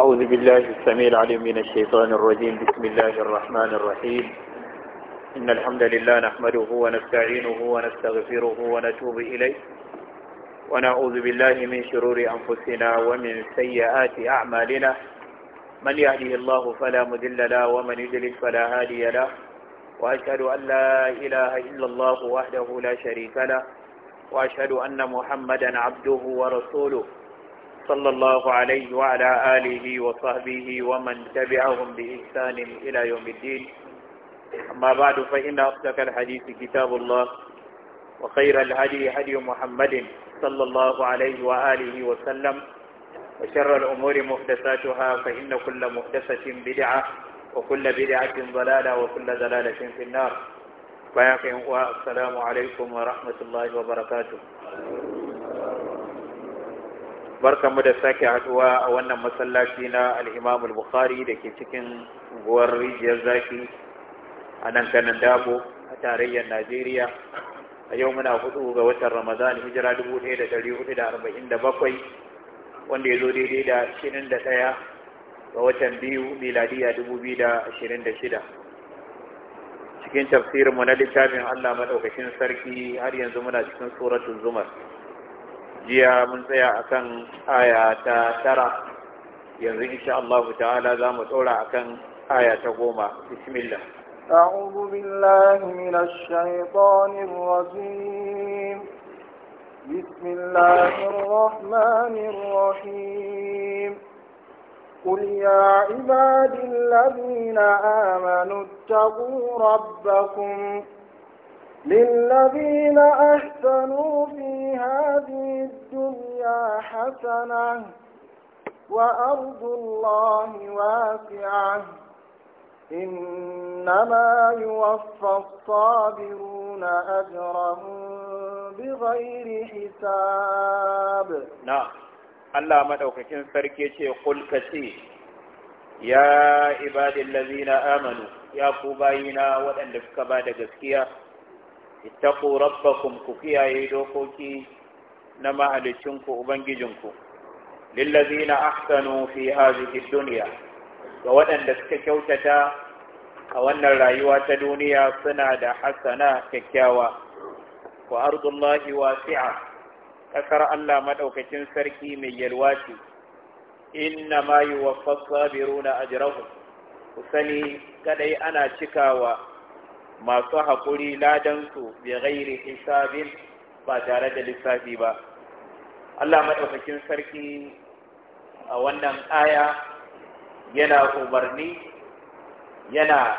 أعوذ بالله السميع العليم من الشيطان الرجيم بسم الله الرحمن الرحيم إن الحمد لله نحمده ونستعينه ونستغفره ونتوب إليه ونعوذ بالله من شرور أنفسنا ومن سيئات أعمالنا من يهده الله فلا مذل له ومن يذلل فلا هادي له وأشهد أن لا إله إلا الله وحده لا شريك له وأشهد أن محمدا عبده ورسوله صلى الله عليه وعلى آله وصحبه ومن تبعهم بإحسان إلى يوم الدين أما بعد فإن أصدق الحديث كتاب الله وخير الهدي هدي محمد صلى الله عليه وآله وسلم وشر الأمور محدثاتها فإن كل محدثة بدعة وكل بدعة ضلالة وكل ضلالة في النار فيقين السلام عليكم ورحمة الله وبركاته barkamu da sake haduwa a wannan masallaci na al-Imam al-Bukhari dake cikin guwar rijiyar zafi a nan kanan dabo a tarayyar Najeriya a yau muna hudu ga watan Ramadan hijira 1447 wanda ya zo daidai da 21 ga watan biyu miladiya 2026 cikin tafsirinmu na littafin Allah madaukakin sarki har yanzu muna cikin suratul zumar jiya mun tsaya akan aya ta tara yanzu insha Allah ta'ala za mu tsora akan aya ta goma bismillah أعوذ بالله من الشيطان الرجيم بسم الله الرحمن الرحيم قل يا عباد الذين آمنوا اتقوا ربكم للذين أحسنوا في هذه الدنيا حسنة وأرض الله واسعة إنما يوفى الصابرون أجرهم بغير حساب نعم الله مدوككين سركيشي قل كشي يا عباد الذين آمنوا يا قبائنا وأن لفك بعد قسكيه ittaqu rabbakum ku kiyaye dokoki na mahalicinku ubangijinku lillazina ahsanu fi hadhihi dunya ga waɗanda suka kyautata a wannan rayuwa ta duniya suna da hasana kyakkyawa wa ardullahi wasi'a kasar Allah maɗaukacin sarki mai yalwaci inna ma yuwaffas sabiruna ajrahum ku sani kadai ana cikawa masu haƙuri ladansu bi ghairi hisabin ba tare da lissafi ba Allah madaukakin sarki a wannan aya yana umarni yana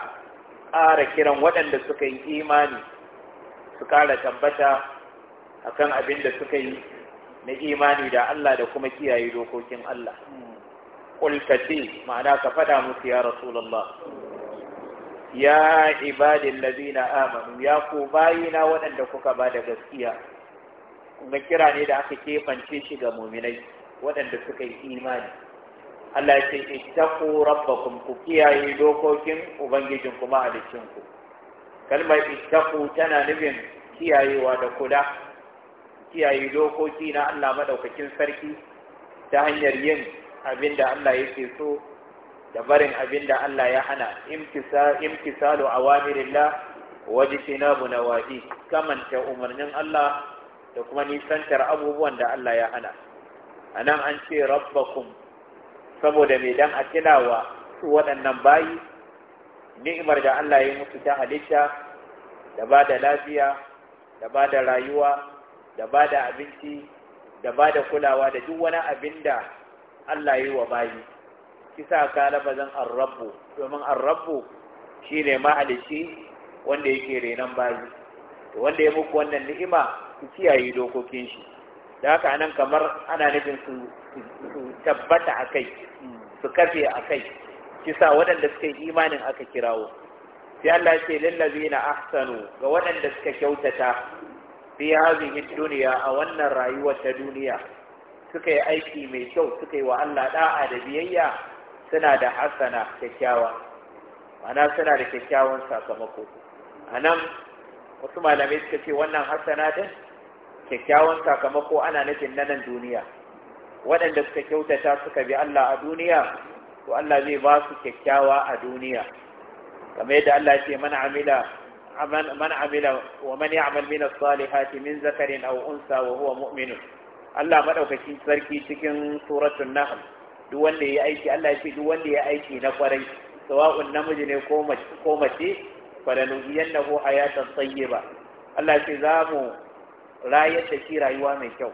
ƙara kiran waɗanda suka yi imani su ƙara tabbata akan abin da suka yi na imani da Allah da kuma kiyaye dokokin Allah. Ƙulkace hmm. ma'ana ka faɗa musu ya Rasulallah. ya ibadin lazina amanu ya ku bayina waɗanda kuka ba da gaskiya kuma kira ne da aka kefance shi ga muminai waɗanda suka yi imani Allah ya ce ittaqu rabbakum ku kiyaye dokokin ubangijin kuma halicin ku kalmar ittaqu tana nufin kiyayewa da kula kiyaye dokoki na Allah madaukakin sarki ta hanyar yin abinda Allah yake so da barin abin da Allah ya hana imtisalu awamirillah na nawahi kamanta umarnin Allah da kuma nisantar abubuwan da Allah ya hana anan an ce rabbakum saboda mai dan a tilawa su waɗannan bayi ni'imar da Allah ya musu ta halitta da ba da lafiya da ba da rayuwa da ba da abinci da ba da kulawa da duk wani abin da Allah ya yi wa bayi shi sa ka labazin arrabu domin arrabu shi ne mahalici wanda yake renon bayi wanda ya muku wannan ni'ima ku kiyaye dokokin shi da haka nan kamar ana nufin su tabbata a kai su kafe a kai shi waɗanda suka yi imanin aka kirawo sai Allah ce na ahsanu ga waɗanda suka kyautata fi hadhihi duniya a wannan rayuwar ta duniya suka yi aiki mai kyau suka yi wa Allah da'a da biyayya suna da hasana kyakkyawa ma'ana suna da kyakkyawan sakamako a nan wasu malamai suka ce wannan hasana din kyakkyawan sakamako ana nufin na nan duniya waɗanda suka kyautata suka bi Allah a duniya to Allah zai ba su kyakkyawa a duniya kamar yadda Allah ce man amila man amila wa man ya'mal min as-salihati min zakarin aw unsa wa huwa mu'min Allah madaukakin sarki cikin suratul nahl duk wanda ya aiki Allah ya ce duk wanda ya aiki na kwarai sawa'un namiji ne ko mace ko mace falanuhiyannahu hayatan tayyiba Allah ya ce za mu rayar da shi rayuwa mai kyau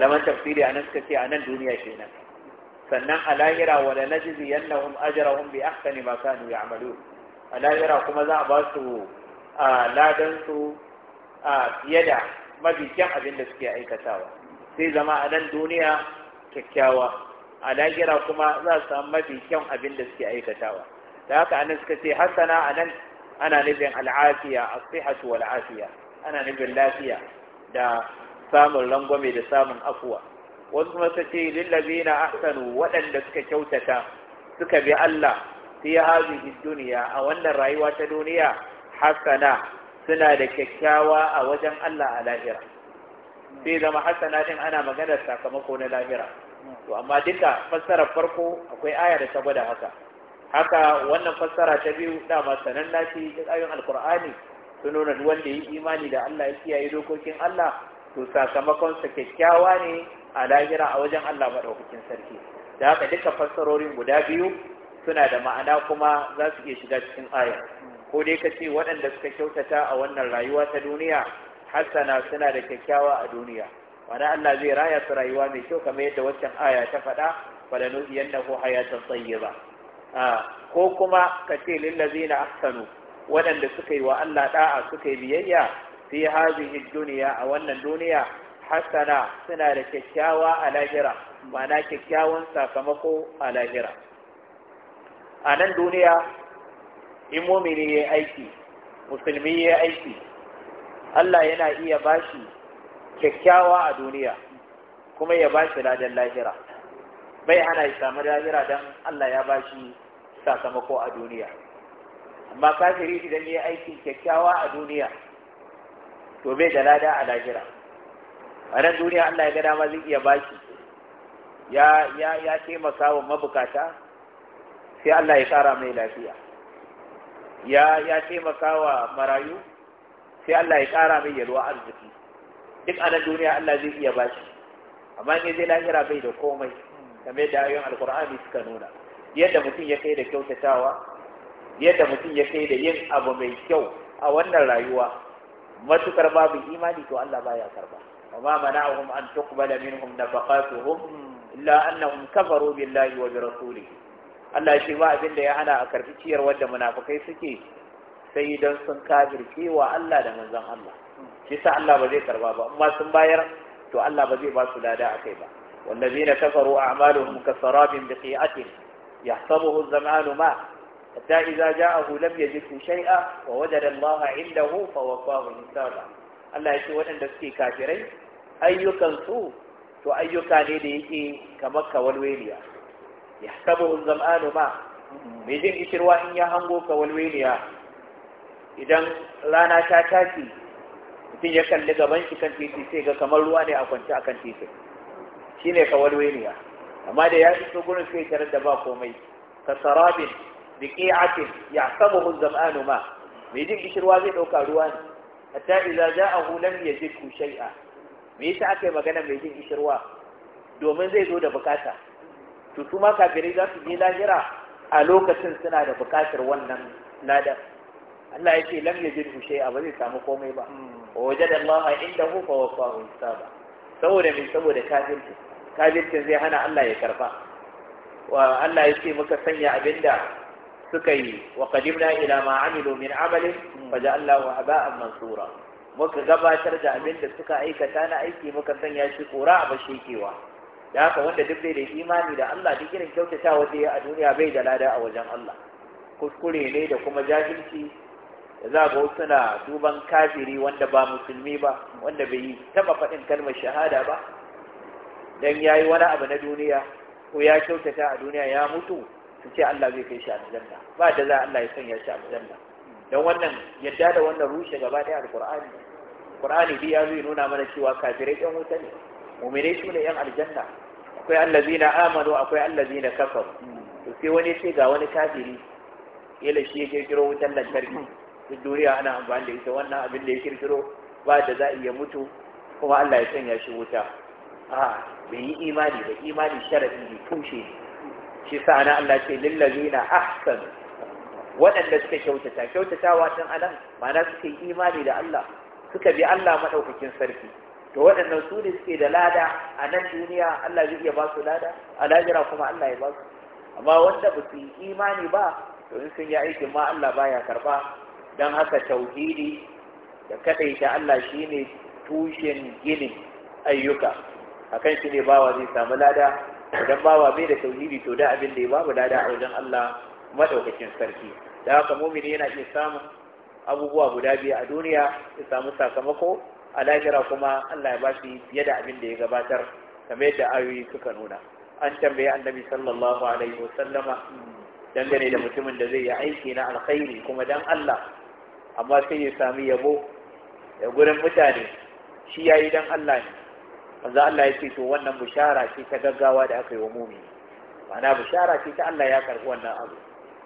ramar tafsiri anan suka ce anan duniya kenan sannan a lahira wa yannahum ajrahum bi ahsani ma kanu ya'malu a lahira kuma za a ba su a ladan su a fiye da mabikin abin da suke aikatawa sai zama a nan duniya kyakkyawa a lahira kuma za su samu mafi kyan abin da suke aikatawa da haka anan suka ce hasana anan ana nufin al'afiya a sihhatu wal afiya ana nufin lafiya da samun rangwame da samun afuwa wasu kuma su ce lillazina ahsanu waɗanda suka kyautata suka bi Allah fi hadhihi dunya a wannan rayuwa ta duniya hasana suna da kyakkyawa a wajen Allah a lahira sai zama hasana din ana maganar sakamako na lahira to amma duka fassarar farko akwai aya da ta gwada haka haka wannan fassara ta biyu dama sananna ce da ayoyin alkur'ani sun nuna wanda yi imani da Allah ya kiyaye dokokin Allah to sakamakon sa kyakkyawa ne a lahira a wajen Allah madaukakin sarki da haka duka fassarorin guda biyu suna da ma'ana kuma za su iya shiga cikin aya ko dai kace waɗanda suka kyautata a wannan rayuwa ta duniya hasana suna da kyakkyawa a duniya wani Allah zai raya su rayuwa mai kyau kamar yadda waccan aya ta faɗa wala nuhiyannahu hayatan ba ah, ko kuma ka ce na ahsanu waɗanda suka yi wa Allah ɗa'a suka yi biyayya fi hazihi duniya a wannan duniya hasana suna da kyakkyawa a lahira ma'ana kyakkyawan sakamako a lahira a nan duniya in mumini ya aiki musulmi ya aiki Allah yana iya bashi kyakkyawa a duniya kuma ya ba shi ladan lahira bai hana ya samu lahira don Allah ya ba shi sakamako a duniya amma kafiri idan ya aiki kyakkyawa a duniya to bai da lada a lahira a nan duniya Allah ya ga dama zai iya shi ya ya ya taimaka wa mabukata sai Allah ya kara mai lafiya ya ya taimaka wa marayu sai Allah ya kara mai yalwa arziki duk a duniya Allah zai iya bashi amma ne zai lahira bai da komai game da ayoyin alkur'ani suka nuna yadda mutum ya kai da kyautatawa yadda mutum ya kai da yin abu mai kyau a wannan rayuwa matukar babu imani to Allah baya karba amma mana'ahum an tuqbala minhum nafaqatuhum illa annahum kafaru billahi wa bi rasulihi Allah shi ba abin da ya hana a karbi ciyar wanda munafikai suke sai don sun kafirce wa Allah da manzon Allah kisa sa Allah ba zai karba ba amma sun bayar to Allah ba zai ba su lada akai ba والذين كفروا أعمالهم كسراب بقيعة يحسبه الزمان ماء حتى إذا جاءه لم يجده شيئا ووجد الله عنده فوفاه حسابا Allah ya ce waɗanda suke kafirai ayyukansu to ayyuka ne da yake kamar kawalweliya ya sabu zam'anu ma mai jin ishirwa in ya hango kawalweliya idan rana ta tashi mutum ya kalli gaban shi kan titi sai ga kamar ruwa ne a kwance a kan titi shi ne kawar weniya amma da ya iso gurin sai tarar da ba komai ka sarabin ya saba hun zam'anu ma mai jin gishirwa zai ɗauka ruwa ne A za idza ja'ahu lam ku shay'a me yasa aka yi magana mai jin gishirwa? domin zai zo da bukata to su ma kafirai za su je lahira a lokacin suna da bukatar wannan ladar Allah ya ce lam yajidhu shay'a ba zai samu komai ba hmm. wajen Allah inda hufa wa fahu saboda min saboda kafirci kafircin zai hana Allah ya karba wa Allah ya ce muka sanya abinda suka yi wa qadimna ila ma amilu min amalin fa ba haba'an mansura muka gabatar da abinda suka aikata na aiki muka sanya shi kora a bashekewa da haka wanda duk bai da imani da Allah duk irin kyautatawa da ya a duniya bai da lada a wajen Allah kuskure ne da kuma jahilci za ga wasu na duban kafiri wanda ba musulmi ba wanda bai yi taba faɗin kalmar shahada ba dan ya yi wani abu na duniya ko ya kyautata a duniya ya mutu su ce Allah zai kai shi aljanna ba da za Allah ya sanya shi aljanna dan wannan yadda da wannan rushe gaba ɗaya alqur'ani qur'ani bi ya zai nuna mana cewa kafirai ɗan wuta ne mu'minai su ne ɗan aljanna akwai allazina amanu akwai allazina kafaru to sai wani ce ga wani kafiri kila shi ya kirkiro wutan lantarki duk duniya ana amfani da ita wannan abin da ya kirkiro ba da za a iya mutu kuma Allah ya sanya shi wuta a bai yi imani ba imani sharafi ne tushe ne shi sa ana Allah ce na ahsan waɗanda suka kyautata kyautatawa tun anan ma'ana suka yi imani da Allah suka bi Allah maɗaukakin sarki to waɗannan su ne suke da lada a nan duniya Allah zai iya ba su lada a lajira kuma Allah ya ba su amma wanda ba su yi imani ba to in sun yi aikin ma Allah baya karɓa. don haka tauhidi da ta Allah shine tushen ginin ayyuka akan shi ne bawa zai samu lada idan bawa bai da tauhidi to da abin da ya babu lada a wajen Allah maɗaukakin sarki da haka mumini yana iya samun abubuwa guda biyu a duniya ya samu sakamako a lahira kuma Allah ya bashi fiye da abin da ya gabatar kamar yadda ayoyi suka nuna an tambaye annabi sallallahu alaihi wasallama dangane da mutumin da zai yi aiki na alkhairi kuma dan Allah amma sai ya sami yabo da gurin mutane shi ya yi don Allah ne wanzu Allah ya ce to wannan bishara ce ta gaggawa da aka yi wa mumi mana bishara ce ta Allah ya karɓi wannan abu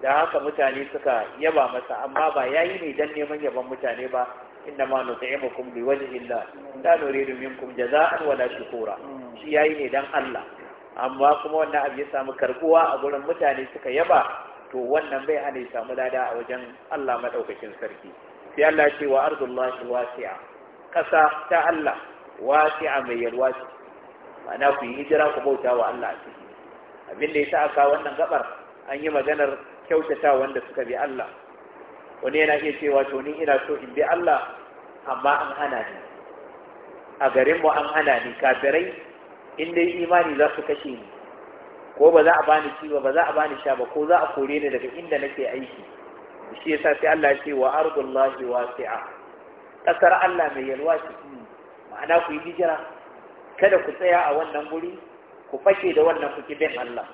da haka mutane suka yaba masa amma ba ya yi ne don neman yaban mutane ba inda ma nut'imukum liwajhillah la da minkum a wala shukura shi ya yi ne don Allah amma kuma wannan abu ya samu karɓuwa a gurin mutane suka yaba to wannan bai hana ya samu dada a wajen Allah madaukakin sarki sai Allah ce wa ardullahi wasi'a kasa ta Allah wasi'a mai yalwa ce ku yi hijira ku bauta wa Allah a ciki abin da ya sa aka wannan gabar an yi maganar kyautata wanda suka bi Allah wani yana iya cewa to ni ina so in bi Allah amma an hana ni a garinmu an hana ni kafirai in dai imani za su kashe ni ko ba za a bani ci ba ba za a bani sha ba ko za a kore ni daga inda nake aiki shi yasa sai Allah ya ce wa ardullahi wasi'a kasar Allah mai yalwa ce ma'ana ku yi hijira kada ku tsaya a wannan guri ku fake da wannan kuke bin Allah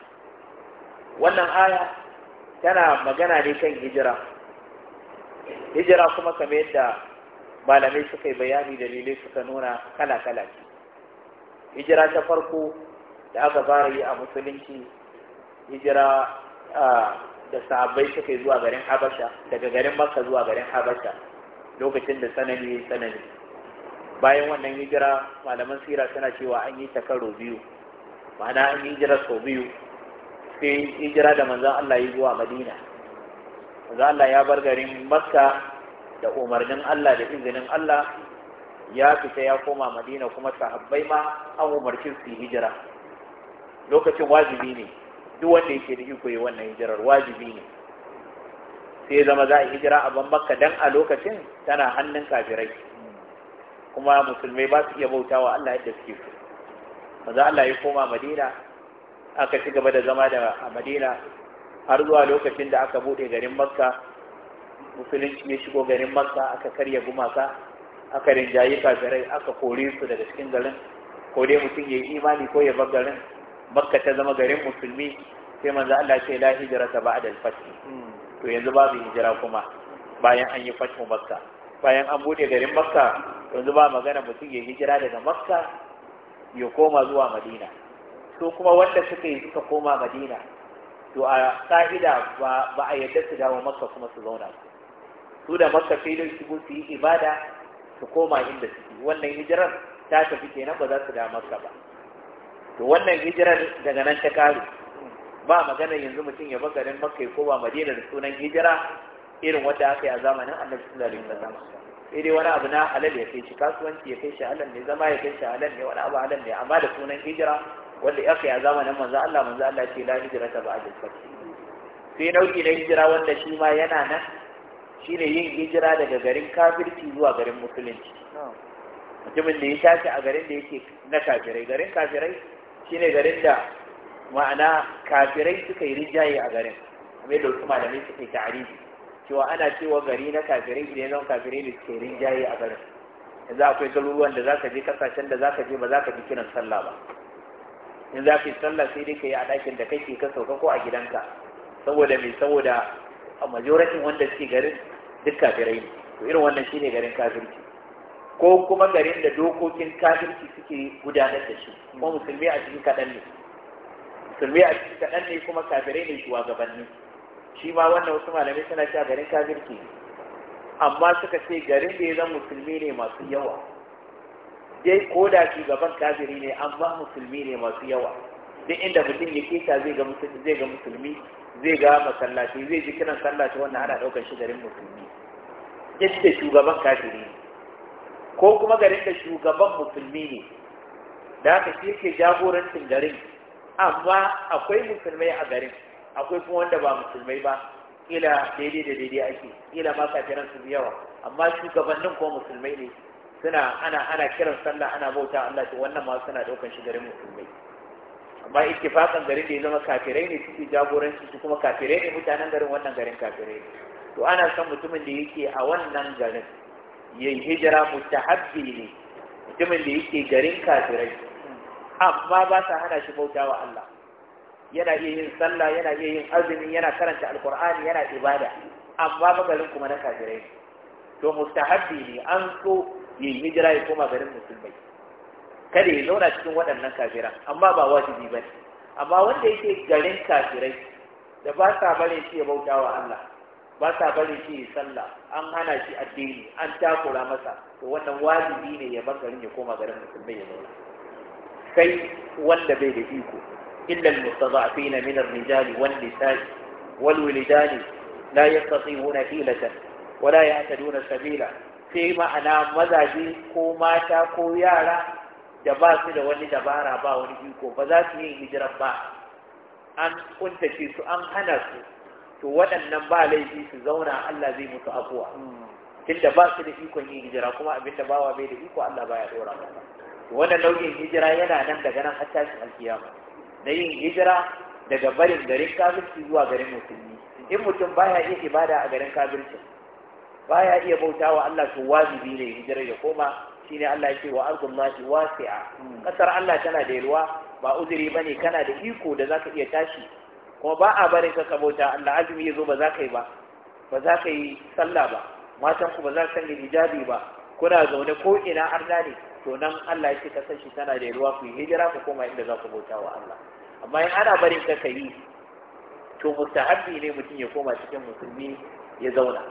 wannan aya tana magana ne kan hijira hijira kuma kamar yadda malamai suka yi bayani dalilai suka nuna kala-kala hijira ta farko da aka fara yi a musulunci hijira da sahabbai suka yi zuwa garin habasha daga garin makka zuwa garin habasha lokacin da sanani sanani bayan wannan hijira malaman sira suna cewa an yi ta karo biyu ma'ana an yi hijira sau biyu sai hijira da manzan Allah yi zuwa madina manzan Allah ya bar garin makka da umarnin Allah da izinin Allah ya fita ya koma madina kuma sahabbai ma an umarci su hijira lokacin wajibi ne duk wanda yake da iko yi wannan hijirar wajibi ne sai zama za a hijira a ban makka dan a lokacin tana hannun kafirai kuma musulmai ba su iya bautawa Allah yadda suke so maza Allah ya koma Madina aka ci gaba da zama da a Madina har zuwa lokacin da aka bude garin Makka musulunci ya shigo garin Makka aka karya gumaka aka rinjayi kafirai aka kore su daga cikin garin ko dai mutum ya yi imani ko ya bar garin makka ta zama garin musulmi sai manzo Allah ce la hijra ta ba'da al-fath to yanzu babu hijira kuma bayan an yi fathu makka bayan an bude garin makka yanzu ba magana mutum ya hijira daga makka ya koma zuwa madina to kuma wanda suka yi suka koma madina to a ka'ida ba a yadda su dawo makka kuma su zauna su da makka sai dai su su yi ibada su koma inda suke wannan hijirar ta tafi kenan ba za su dawo makka ba to wannan hijirar daga nan ta kare ba magana yanzu mutum ya bakarin makai ko ba madina da sunan hijira irin wata aka yi a zamanin annabi sallallahu alaihi wasallam sai dai wani abu na halal ya kai shi kasuwanci ya kai shi halal ne zama ya kai shi halal ne wani abu halal ne amma da sunan hijira wanda ya kai a zamanin manzo Allah manzo Allah ce la hijira ta ba'da fatih sai nau'i na hijira wanda shi ma yana nan shine yin hijira daga garin kafirci zuwa garin musulunci mutumin da ya tashi a garin da yake na kafirai garin kafirai shine garin da ma'ana kafirai suka yi rijaye a garin kamar da wasu malamai suka yi ta'aribi. cewa ana cewa gari na kafirai idan zan kafirai da suke rinjaye a garin yanzu akwai garuruwan da zaka je kasashen da zaka je ba zaka ji kiran sallah ba in za ka yi sallah sai dai ka yi a ɗakin da kake ka sauka ko a gidanka saboda mai saboda a majoratin wanda suke garin duk kafirai ne to irin wannan shine garin kafirci ko kuma garin da dokokin kafirci suke gudanar da shi kuma musulmi a cikin kaɗan ne musulmi a cikin kaɗan ne kuma kafirai ne shugabanni shi ma wannan wasu malamai suna cewa garin kafirci amma suka ce garin da ya zan musulmi ne masu yawa dai ko da shi gaban kafiri ne amma musulmi ne masu yawa duk inda mutum ya keta zai ga musulmi zai ga musulmi zai ga masallaci zai ji kiran sallaci wannan ana ɗaukar shi garin musulmi yadda shugaban kafiri ne ko kuma garin da shugaban musulmi ne da aka shi yake jagorancin garin amma akwai musulmai a garin akwai kuma wanda ba musulmai ba ila daidai da daidai ake ila ma kafiran su yawa amma shugabannin ko musulmai ne suna ana ana kiran sallah ana bauta Allah to wannan ma suna daukan shi garin musulmai amma ittifaqan garin da ya zama kafirai ne suke jagoranci su kuma kafirai ne mutanen garin wannan garin kafirai ne to ana son mutumin da yake a wannan garin ya hijira mutahabbi ne mutumin da yake garin kafirai amma ba sa hana shi bauta wa Allah yana iya yin sallah yana iya yin azumi yana karanta alkur'ani yana ibada amma magarin kuma na kafirai to mustahabbi ne an so ya hijira ya koma garin musulmai kada ya zauna cikin waɗannan kafiran amma ba wajibi ba ne amma wanda yake garin kafirai da ba sa bare shi ya bauta wa Allah ba sa bari shi sallah an hana shi addini an takura masa to wannan wajibi ne ya bar garin ya koma garin musulmai ya zauna sai wanda bai da iko illa almustada'fin min ar-rijali wan nisa'i wal wildani la yastatihuna hilatan wala yahtaduna sabila sai ma'ana mazaje ko mata ko yara da ba su da wani dabara ba wani iko ba za su yi hijira ba an kuntace su an hana su to waɗannan ba laifi su zauna Allah zai mutu afuwa tunda ba su da ikon yin hijira kuma abinda bawa bai da iko Allah baya dora masa wannan nau'in hijira yana nan daga nan har tashin alkiyama na yin hijira daga barin garin kafirci zuwa garin musulmi in mutum baya iya ibada a garin kafirci baya iya bautawa Allah to wajibi ne hijira ya koma shine Allah ya ce wa ardullahi wasi'a kasar hmm. Allah tana da yalwa ba uzuri bane kana da iko da zaka iya tashi kuma ba a barin ka ka Allah azumi ya zo ba za ka yi ba ba za ka yi sallah ba matan ku ba za ka yi hijabi ba kuna zaune ko ina arna ne to nan Allah ya ce ka san shi tana da ruwa ku yi hijira ku koma inda za ku bauta wa Allah amma in ana barin ka ka yi to mustahabbi ne mutum ya koma cikin musulmi ya zauna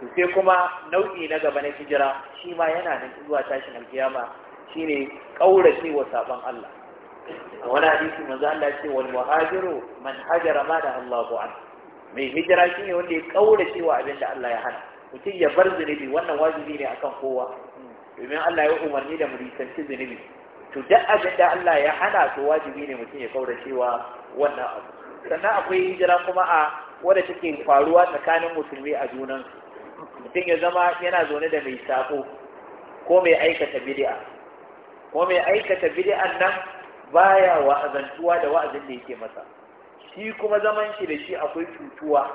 to sai kuma nau'i na gaba na hijira shi ma yana nan zuwa tashin alkiyama shine kaurace wa saban Allah wani hadisi manzo Allah ya ce wal muhajiru man hajara ma da Allah an mai hijira shine wanda ya kaura cewa abin da Allah ya hana mutum ya bar zunubi wannan wajibi ne akan kowa domin Allah ya umarni da mu zunubi to duk abin da Allah ya hana to wajibi ne mutum ya kaura cewa wannan abu sannan akwai hijira kuma a wadda take faruwa tsakanin musulmi a junansu mutum ya zama yana zaune da mai sako ko mai aikata bid'a ko mai aikata bid'an nan baya wa'azantuwa da wa'azin da yake masa shi kuma zaman shi da shi akwai cutuwa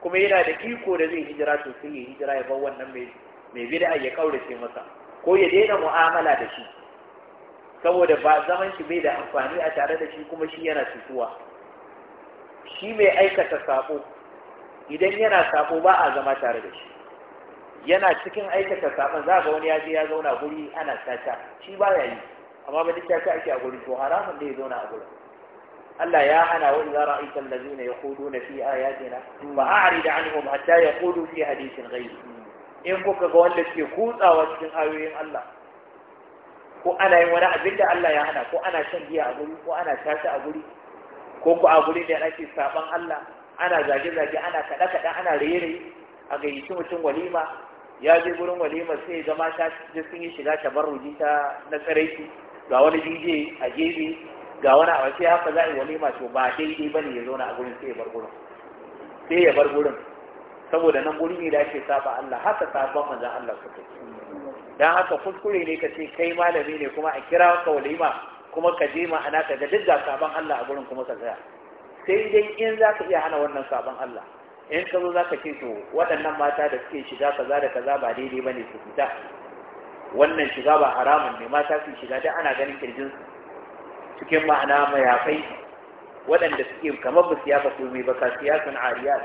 kuma yana da iko da zai hijira to sai ya hijira ya bar wannan mai mai bid'a ya kaurace masa ko ya daina mu'amala da shi saboda ba zaman shi bai da amfani a tare da shi kuma shi yana cutuwa shi mai aikata sako idan yana sako ba a zama tare da shi yana cikin aikata sakon za ga wani ya je ya zauna guri ana caca shi ba ya yi amma ba littafi ake a guri to haramun da ya zauna a guri Allah ya hana wa idza ra'aita allazina yaquluna fi ayatina fa a'rid anhum hatta yaqulu fi hadithin rai. in kuka ga wanda ke kutsawa cikin ayoyin Allah ko ana yin wani abin da Allah ya hana ko ana shan giya a guri ko ana tashi a guri ko ku a guri ne ake saban Allah ana zage-zage ana kaɗa-kaɗa ana rere a gayyaci mutum walima ya je gurin walima sai ya zama ta sun yi shiga tabarruji ta na tsaraiki ga wani dj a gefe ga wani a sai haka za a yi wani masu ba daidai ba ne ya zauna a gurin sai ya bar gurin sai ya bar gurin saboda nan gurin ne da ake saba Allah haka sabon manzan Allah su kai dan haka kuskure ne ka ce kai malami ne kuma a kira ka walima kuma ka je ana ka ga duk da sabon Allah a gurin kuma ka tsaya sai dai in za ka iya hana wannan sabon Allah in ka zo za ka ce to waɗannan mata da suke shiga kaza da kaza ba daidai ba ne su fita wannan shiga ba haramun ne mata su shiga dan ana ganin kirjin su cikin ma'ana mayafai waɗanda suke kamar ba siya ba komai ba ka siya sun ariyar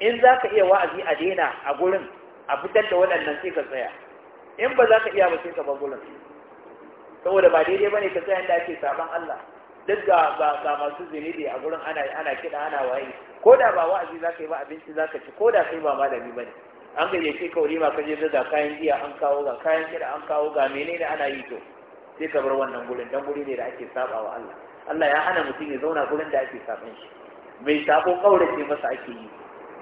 in za ka iya wa'azi a daina a gurin a fitar da waɗannan sai ka tsaya in ba za ka iya ba sai ka ba gurin saboda ba daidai ba ne ka tsaya inda ake saban Allah duk ga ga masu zinidi a gurin ana ana kiɗa ana waye ko da ba wa'azi za ka yi ba abinci za ka ci ko da kai ba malami ba ne an gayyace ka ma ka je da kayan giya an kawo ga kayan kira an kawo ga menene ana yi to sai ka bar wannan gurin dan guri ne da ake saba wa Allah Allah ya hana mutum ya zauna gurin da ake saban shi mai sabo kaurace masa ake yi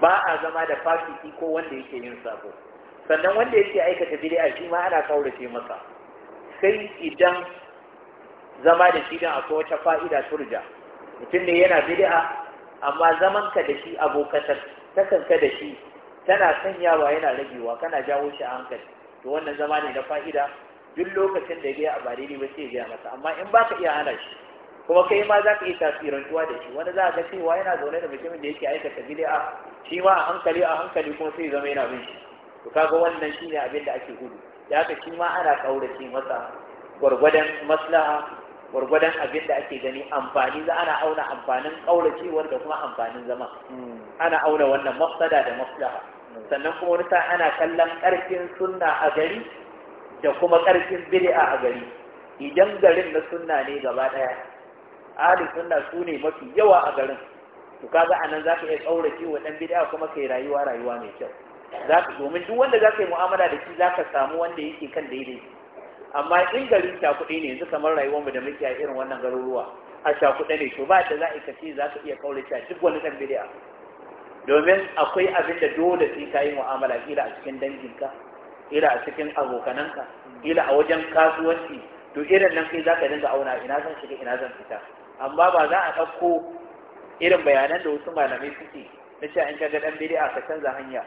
ba a zama da fasiki ko wanda yake yin sako. sannan wanda yake aikata bid'a shi ma ana kaurace masa sai idan zama da shi dan akwai wata fa'ida turja mutum ne yana bid'a amma zaman ka da shi abokatar takan ka da shi tana sanya wa yana ragewa kana jawo shi a hankali to wannan zama ne na fa'ida duk lokacin da ya a ba daidai ba sai ya masa amma in ba ka iya hana shi kuma kai ma za ka iya tuwa da shi wani za ka cewa yana zaune da mutumin da yake aikata bid'a shi ma a hankali a hankali kuma sai zama yana bin shi to kaga wannan shine abin da ake gudu ya ka shi ma ana kaurace masa gwargwadon maslaha gwargwadon abin da ake gani amfani za ana auna amfanin kaurace wanda kuma amfanin zama hmm. ana auna wannan mafsada da maslaha sannan kuma wani sa'a ana kallon ƙarfin sunna a gari da kuma ƙarfin bid'a a gari idan garin na sunna ne gaba ɗaya ahli suna su ne mafi yawa a garin to kaga anan zaka iya tsaurace wa dan bid'a kuma kai rayuwa rayuwa mai kyau zaka domin duk wanda zaka yi mu'amala da shi zaka samu wanda yake kan daidai amma in garin cakuɗe ne yanzu kamar rayuwar mu da muke a irin wannan garuruwa a cakuɗe ne to ba da za a kace za ka iya kaurace duk wani dan bid'a domin akwai abin da dole sai ka yi mu'amala ila a cikin danginka ila a cikin abokananka ila a wajen kasuwanci to irin nan kai za ka dinga auna ina zan shiga ina zan fita amma ba za a ɗauko irin bayanan da wasu malamai suke na cewa in ka ga ɗan bidi'a ka canza hanya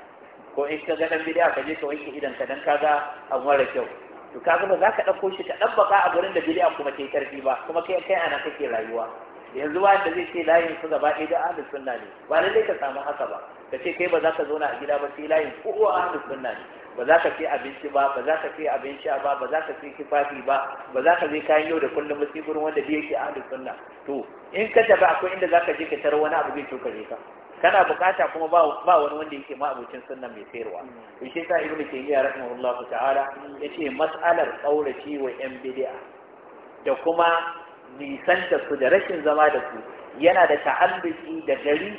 ko in ka ga ɗan bidi'a ka je ka wanke idan ka dan ka ga an da kyau to ka ga ba za ka ɗauko shi ka ɗan a gurin da bidi'a kuma ke karfi ba kuma kai kai ana kake rayuwa yanzu ba da zai ce layin su gaba ɗaya da ahlus sunna ne ba lallai ka samu haka ba ka ce kai ba za ka zauna a gida ba sai layin ko ahlus sunna ne ba za ka fi abinci ba ba za ka fi abin sha ba ba za ka fi kifafi ba ba za ka zai kayan yau da kullum ba sai gurin wanda bai yake ahlus sunna to in ka tafi akwai inda za ka je ka tarar wani abu zai cokare ka kana bukata kuma ba wani wanda yake ma abincin sunna mai sayarwa to shi sa ibnu taymiya rahimahullahu ta'ala yace mas'alar kaurace wa yan bid'a da kuma da su da rashin zama da su yana da ta'alluki da gari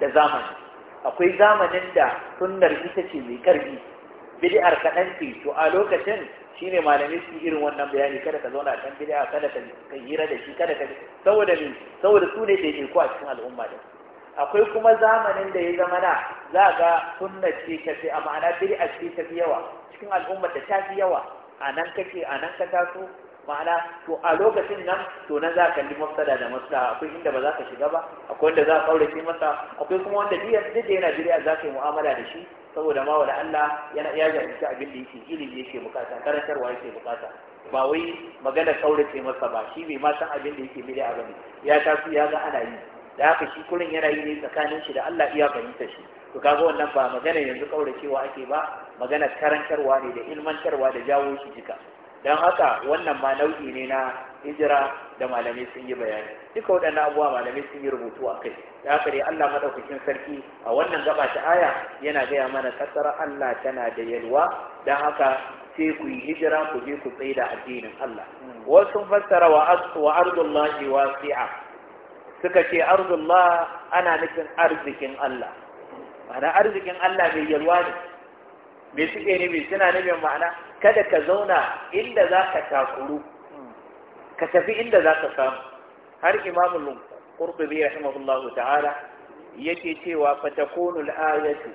da zamani akwai zamanin da sunnar ita ce mai karfi bid'ar kaɗan ce to a lokacin shine malami su irin wannan bayani kada ka zauna kan bid'a kada ka hira da shi kada ka saboda ne saboda su ne da ko a cikin al'umma da akwai kuma zamanin da ya zama na za ga sunnar ce ta fi a ma'ana bid'a ce ta fi yawa cikin al'umma ta ta fi yawa a nan kake a nan ka taso ma'ana to a lokacin nan to na za ka kalli mafsada da maslaha akwai inda ba za ka shiga ba akwai wanda za ka kaurace masa akwai kuma wanda diyar duk da yana jira za ka yi mu'amala da shi saboda ma wani Allah yana ya jami'a abin da yake ilimi yake bukata karantarwa yake bukata ba wai magana kaurace masa ba shi mai ma san abin da yake ba bane ya su ya ga ana yi da haka shi kullun yana yi ne tsakanin shi da Allah iya fahimta shi to kaga wannan ba magana yanzu ƙauracewa ake ba magana karantarwa ne da ilmantarwa da jawo shi jika don haka wannan ma nau'i ne na hijira da malamai sun yi bayani duka waɗannan abubuwa malamai sun yi rubutu a kai da haka dai Allah madaukakin sarki a wannan gaba ta aya yana gaya mana kasar Allah tana da yalwa don haka sai ku yi hijira ku je ku tsaye da addinin Allah wasu fassara wa ardullahi wasi'a suka ce ardullah ana nufin arzikin Allah ma'ana arzikin Allah mai yalwa ne me suke nufi suna nufin ma'ana kada ka zauna inda za ka takuru ka tafi inda za ka samu har imamul qurtubi rahimahullahu ta'ala yake cewa fatakunu al-ayatu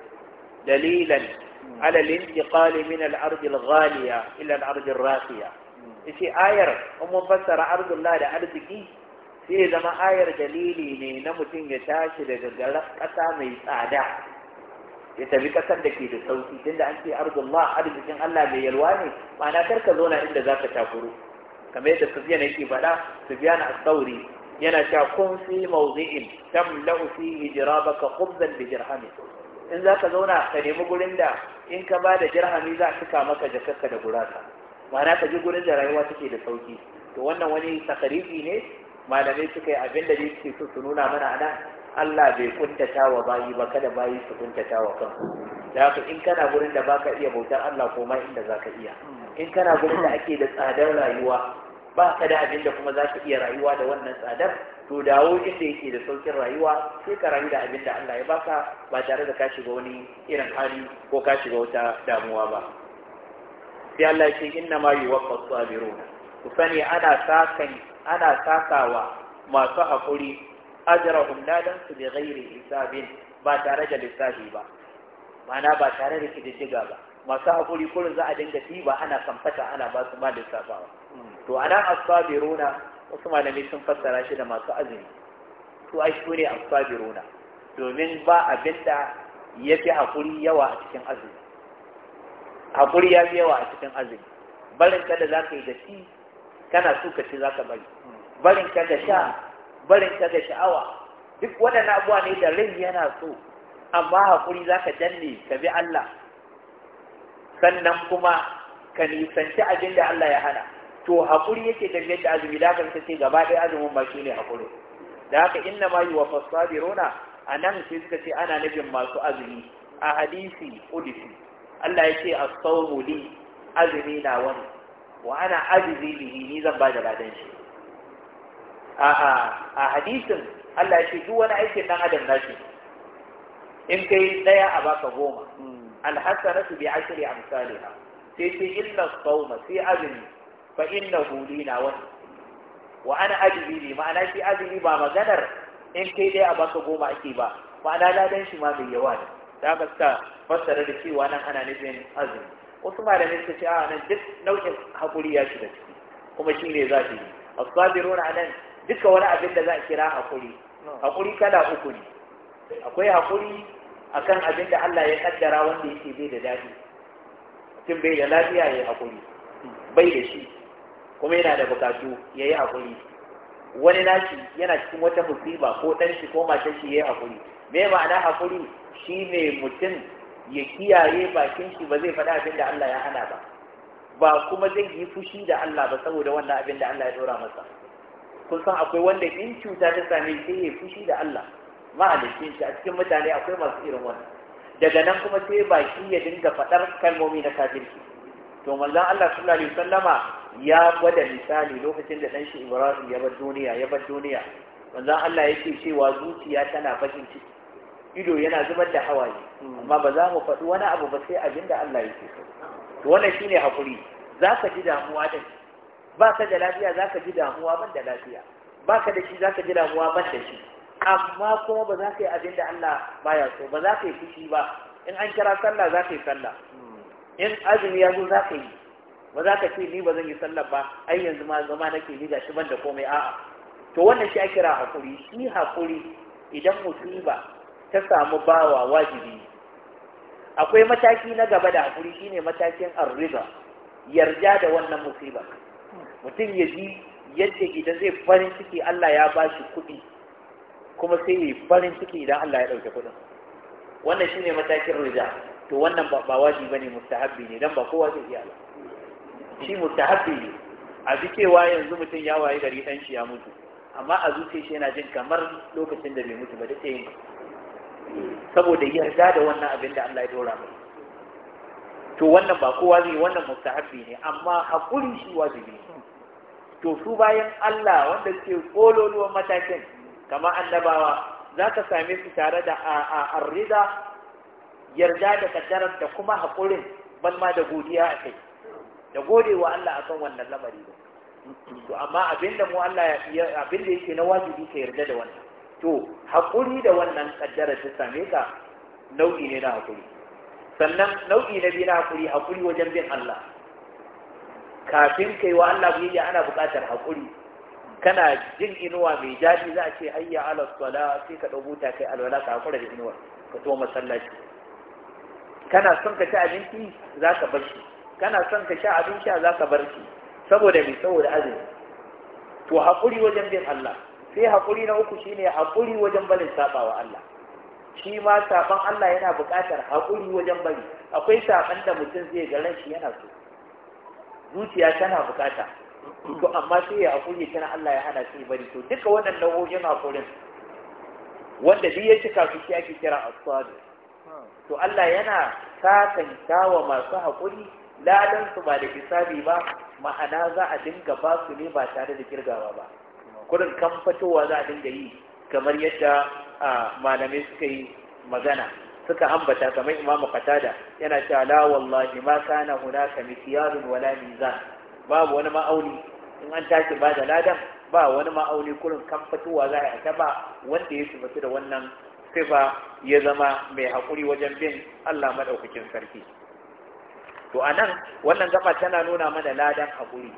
dalilan ala al-intiqal min al-ard al-ghaliya ila al-ard yace ayar mun fassara ardullah da arziki sai zama ayar dalili ne na mutum ya tashi daga ƙasa mai tsada ya tafi kasar da ke da sauki tunda an ce arzullah arzikin Allah mai yalwa ne ma'ana kar ka zauna inda zaka takuru kamar yadda Sufyan yake faɗa Sufyan a sauri yana cewa kun fi mawdi'in tamla'u fihi jirabaka khubzan da dirhamin in ka zauna ka nemi gurin da in ka ba da dirhami za a cika maka jakarka da gurasa ma'ana ka ji gurin da rayuwa take da sauki to wannan wani takarifi ne malamai suka yi abin da ne suke so su nuna mana a nan Allah bai kuntata wa bayi ba kada bayi su kuntata wa kan da haka in kana gurin da baka iya bautar Allah ko ma inda zaka iya in kana gurin da ake da tsadar rayuwa ba ka da abin da kuma za ka iya rayuwa da wannan tsadar to dawo inda yake da saukin rayuwa sai ka rayu da abin da Allah ya baka ba tare da ka shiga wani irin hali ko ka shiga wata damuwa ba sai Allah ya ce inna ma yuwaffas sabiruna ku sani ana sakan ana sakawa masu haƙuri ajrahum ladan su bi ghairi hisabin ba tare da lissafi ba mana ba tare da kididdiga ba masu haƙuri kullum za a dinga tiba ana kamfata ana ba su ma lissafawa to ana asabiruna wasu malami sun fassara shi da masu azumi to ai su ne asabiruna domin ba abin da ya fi haƙuri yawa a cikin azumi haƙuri ya fi yawa a cikin azumi barin kada za ka yi da shi kana so ka ci za ka bari barin kada sha barin ta da sha'awa duk waɗanda abuwa ne da rai yana so amma haƙuri za ka danne ka bi Allah sannan kuma ka nisanci abin da Allah ya hana to haƙuri yake da da azumi da ka ce gaba ɗaya azumin ma shi ne haƙuri da haka inna ma yuwa fasabiruna a nan sai suka ce ana nufin masu azumi a hadisi udisi Allah ya ce a sawmu azumi na wani wa ana azumi ni zan ba da ladan a hadisin Allah ya ce duk wani aikin dan adam nashi in kai daya a baka goma alhasanatu bi ashri amsalha sai ce illa sawma sai azumi fa innahu lina wa wa ana ajli ma'ana shi azumi ba maganar in kai daya a baka goma ake ba ma'ana ladan shi ma bai yawa da. da gaska fassara da cewa nan ana nufin azumi wasu malamai su ce a nan duk nau'in hakuri ya shiga ciki kuma shi ne za ta yi asabiruna nan duka wani abin da za a kira haƙuri haƙuri kala uku ne akwai haƙuri akan abin da Allah ya kaddara wanda yake bai da daɗi tun bai da lafiya ya yi haƙuri bai da shi kuma yana da bukatu ya yi haƙuri wani nashi yana cikin wata musiba ko ɗan shi ko mace shi ya yi haƙuri me ma'ana hakuri shi ne mutum ya kiyaye bakin shi ba zai faɗi abin da Allah ya hana ba ba kuma zai yi fushi da Allah ba saboda wannan abin da Allah ya ɗora masa kun san akwai wanda in cuta ta same shi ya fushi da Allah mahalicin shi a cikin mutane akwai masu irin wannan daga nan kuma sai baki ya dinga faɗar kalmomi na kafirci to manzon Allah sallallahu alaihi wasallama ya gwada misali lokacin da dan shi Ibrahim ya bar duniya ya bar duniya manzon Allah yake cewa zuciya tana bakin ciki ido yana zubar da hawaye amma ba za mu faɗi wani abu ba sai abinda Allah yake so to wannan shine hakuri zaka ji damuwa da ba ka da lafiya za ka ji damuwa ban da lafiya ba ka da shi za ka ji damuwa ban da shi amma kuma ba za ka yi abin da Allah baya so ba za ka yi fushi ba in an kira sallah za ka yi sallah in azumi ya zo za ka yi ba za ka ce ni ba zan yi sallah ba ai yanzu ma zama nake ni gashi ban da komai a'a to wannan shi a kira hakuri shi hakuri idan musiba ta samu bawa wajibi akwai mataki na gaba da hakuri shine matakin arriba yarda da wannan musiba mutum ya ji yadda idan zai farin ciki Allah ya ba shi kuɗi kuma sai ya farin ciki idan Allah ya ɗauke kuɗin wannan shine matakin rija to wannan ba wajibi bane mustahabbi ne dan ba kowa zai iya shi mustahabbi ne a cewa yanzu mutum ya waye gari dan shi ya mutu amma a zuciya shi yana jin kamar lokacin da bai mutu ba da tsayin saboda yarda da wannan abin da Allah ya dora mai to wannan ba kowa zai wannan mustahabbi ne amma hakuri shi wajibi ne to su bayan Allah wanda suke kololuwan matakin kamar annabawa za ka same su tare da arrida yarda da kaddarar da kuma haƙurin ban ma da godiya a kai da gode wa Allah akan wannan lamari ba to amma abinda mu Allah ya abinda yake na wajibi ka yarda da wannan to haƙuri da wannan kaddarar ta same ka nau'i ne na haƙuri sannan nau'i na biyu na haƙuri haƙuri wajen bin Allah kafin kai wa Allah biyayya ana buƙatar haƙuri kana jin inuwa mai daɗi za a ce hayya ala sala sai ka ɗau buta kai alwala ka haƙura da inuwa ka to masallaci kana son ka ci abinci za ka bar shi kana son ka sha abin sha za ka bar shi saboda mai saboda azumi to haƙuri wajen bin Allah sai haƙuri na uku shine haƙuri wajen balin sabawa Allah shi ma saban Allah yana buƙatar haƙuri wajen bari akwai saban da mutum zai ga ran shi yana so zuciya tana bukata to amma sai ya hakuri tana Allah ya hana shi bari to duka waɗannan nau'o'in hakurin wanda duk ya cika su shi ake kira as to Allah yana kasanta wa masu hakuri ladan su ba da hisabi ba ma'ana za a dinga ba su ne ba tare da kirgawa ba kurin kan fitowa za a dinga yi kamar yadda malamai suka yi magana suka ambata kamar imam qatada yana cewa la wallahi ma kana hunaka mikyalun wala mizan babu wani ma'auni in an tashi ba da ladan ba wani ma'auni kurin kan za a ta ba wanda ya tabbata da wannan sifa ya zama mai haƙuri wajen bin Allah madaukakin sarki to anan wannan gaba tana nuna mana ladan haƙuri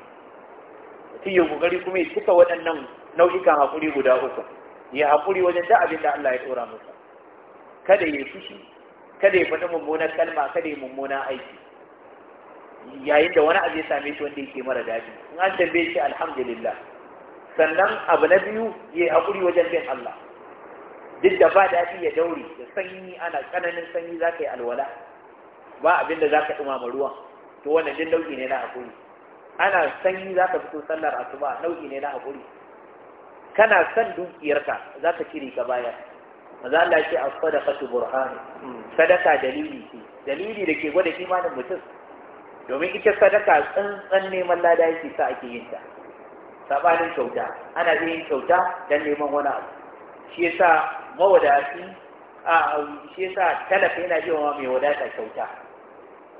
sai ya kokari kuma ya cika waɗannan nau'ikan hakuri guda uku ya haƙuri wajen da abin da Allah ya tsora masa kada ya fushi kada ya faɗi mummunar kalma kada ya mummuna aiki yayin da wani abu ya same shi wanda yake mara daji. in an tambaye shi alhamdulillah sannan abu na biyu ya yi haƙuri wajen bin Allah duk da ba daɗi ya daure da sanyi ana tsananin sanyi za ka yi alwala ba abin da za ka ɗumama ruwa, to wannan duk nau'i ne na haƙuri ana sanyi za ka fito sallar asuba nau'i ne na haƙuri kana son dukiyarka za ka kiri ka bayar maza Allah ce a sadaqatu burhan sadaka dalili ce dalili da ke gwada imanin mutum domin ita sadaka tsantsan neman lada yake sa ake yin ta sabanin kyauta ana iya yin kyauta dan neman wani abu shi yasa mawadaci a shi yasa talaka yana yi wa mai wadata kyauta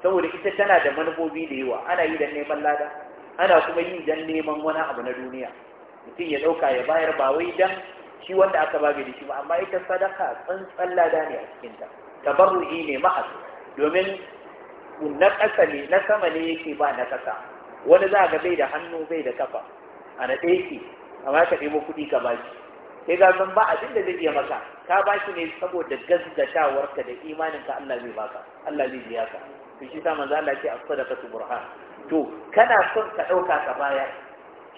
saboda ita tana da manufofi da yawa ana yi dan neman lada ana kuma yi dan neman wani abu na duniya mutum ya ɗauka ya bayar ba wai dan shi wanda aka ba da shi ba amma ita sadaka tsantsan lada ne a cikinta tabarru'i ne ma'as domin na ƙasa ne na sama ne yake ba na ƙasa wani za ga bai da hannu bai da kafa a na ɗaya yake amma ka nemo kuɗi ka ba shi sai ga san ba abin da zai iya maka ka ba shi ne saboda gazzatawarka da imaninka Allah zai baka Allah zai biya ka to shi sa manzo Allah ya ce as-sadaqatu burhan to kana son ka ɗauka ka baya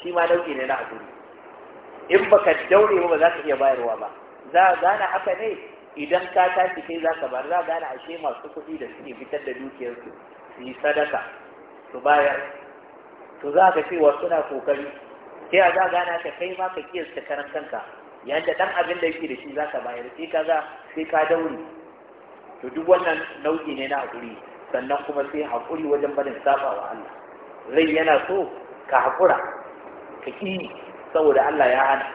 shi ma nau'i ne na hakuri in baka daure ba za ka iya bayarwa ba za a gane haka ne idan ka tashi kai za ka bar za a gane ashe masu kuɗi da suke fitar da dukiyarsu su yi sadaka su bayar to za ka cewa suna kokari sai za a gane ka kai ma ka ta karan kanka yayin da dan abin da yake da shi za ka bayar sai ka za sai ka daure to duk wannan nau'i ne na haƙuri sannan kuma sai haƙuri wajen barin saba wa Allah rai yana so ka haƙura ka ƙi saboda Allah ya hana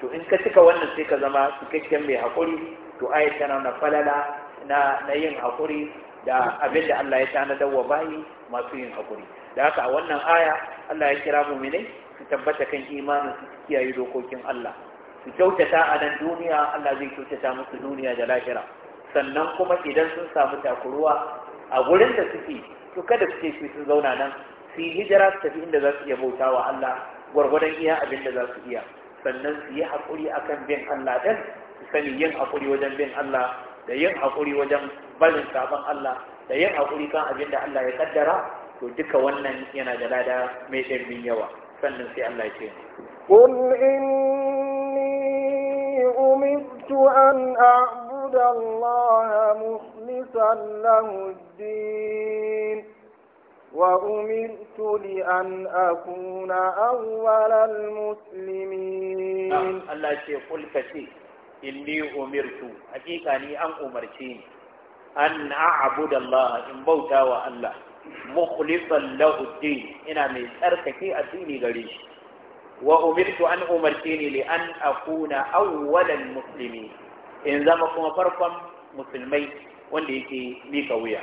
to in ka cika wannan sai ka zama cikakken mai haƙuri to ayat tana na falala na na yin haƙuri da abin da Allah ya tanada wa bayi masu yin haƙuri da haka a wannan aya Allah ya kira mu'minai su tabbata kan imanin su kiyaye dokokin Allah su kyautata a nan duniya Allah zai kyautata musu duniya da lahira sannan kuma idan sun samu takuruwa a gurin da suke to kada su ce sun zauna nan su yi hijira su tafi inda za su iya bauta wa Allah gwargwadon iya abin da za su iya sannan su yi haƙuri akan bin Allah ɗin su sani yin haƙuri wajen bin Allah da yin haƙuri wajen barin sabon Allah da yin haƙuri kan abin da Allah ya kaddara to duka wannan yana da lada mai ɗimbin yawa sannan sai Allah ya ce قل إني أمرت أن أعبد الله مخلصا له الدين وأمرت لأن أكون أول المسلمين الله شيء قل كشيء إني أمرت حقيقة أني أن أمرتيني أن أعبد الله إن بوتا والله مخلصا له الدين إنا من أركتي أديني غريش وأمرت أن أمرتيني لأن أكون أول المسلمين إن زمكم فرقا مسلمين wanda yake mika wuya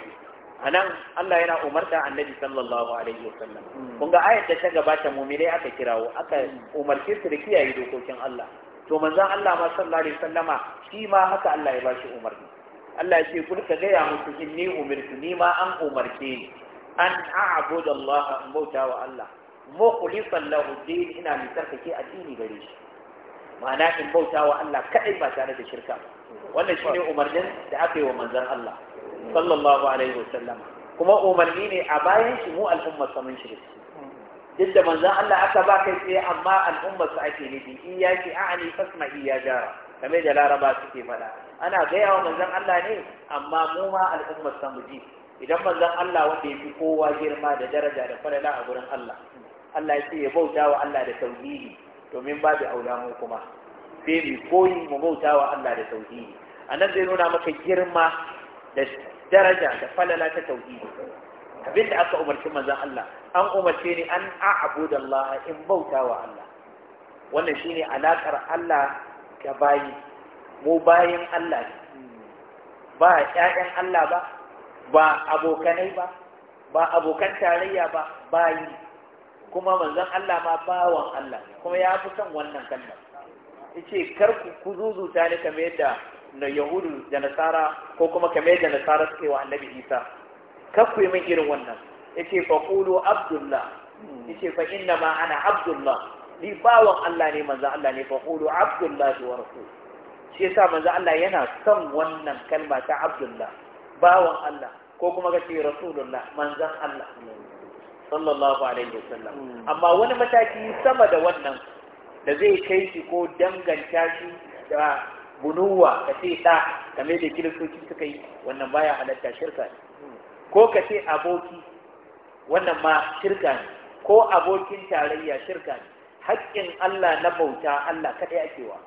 A nan Allah yana umarta annabi sallallahu alaihi wasallam hmm. kun ga ayat da ta gabata mu'minai aka kirawo aka hmm. umarce su da kiyaye dokokin Allah to manzon Allah ma sallallahu alaihi wasallama shi ma haka Allah ya bashi umarni Allah ya ce kun ka gaya musu inni umirtu ni ma an umarke ni an a'budu Allah an bauta wa Allah mukhlisan lahu din ina mai tsarkake addini gare shi ma'ana in bauta wa Allah kadai ba tare da shirka wannan shine umarnin da aka yi wa manzon Allah sallallahu alaihi wasallam kuma umarni ne a bayan shi mu al'ummar saman shi duk da manzon Allah aka ba kai amma al'ummar sa ake nufi iyaki a'ani fasma iya jara kamar da laraba suke fada ana gaya wa manzon Allah ne amma mu ma al'ummar samu ji idan manzon Allah wanda ya fi kowa girma da daraja da falala a gurin Allah Allah ya ce ya bauta wa Allah da tauhidi domin ba da aula mu kuma sai mu koyi mu bauta wa Allah da tauhidi anan zai nuna maka girma da daraja da falala ta tauhidi abin da aka umarci manzon Allah an umarce ni an a'budu Allah in bauta wa Allah wannan shine alakar Allah ga bayi mu bayin Allah ba ƴaƴan Allah ba ba abokanai ba ba abokan tarayya ba bayi kuma manzon Allah ma bawan Allah kuma ya fi son wannan kalma yace kar ku zuzuta ni kamar yadda na yahudu da nasara ko kuma kame da nasara suke wa annabi isa kafu min irin wannan yace fa qulu abdullah yace fa inna ma ana abdullah ni bawan Allah ne manzo Allah ne fa qulu abdullah wa rasul shi yasa manzo Allah yana son wannan kalma ta abdullah bawan Allah ko kuma kace rasulullah manzon Allah sallallahu alaihi wasallam hmm. amma wani mataki sama da wannan da zai kai shi ko danganta shi da bunuwa ka ce ɗa game da kiristoci suka yi wannan baya halatta shirka ne ko ka ce aboki wannan ma shirka ne ko abokin tarayya shirka ne haƙƙin Allah na bauta Allah kaɗai ake wa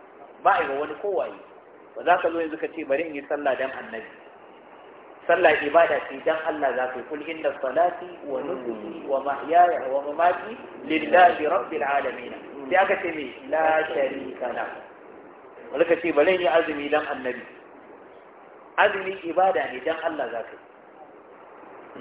ba a yi wani kowaye ba za ka zo yanzu ka ce bari in yi sallah dan annabi sallah ibada ce dan Allah za ka yi kul inna salati wa nusuki wa mahyaya wa mamati lillahi rabbil alamin sai aka ce me la sharika lahu wani ka ce bari yi azumi don annabi azumi ibada ne don Allah za ka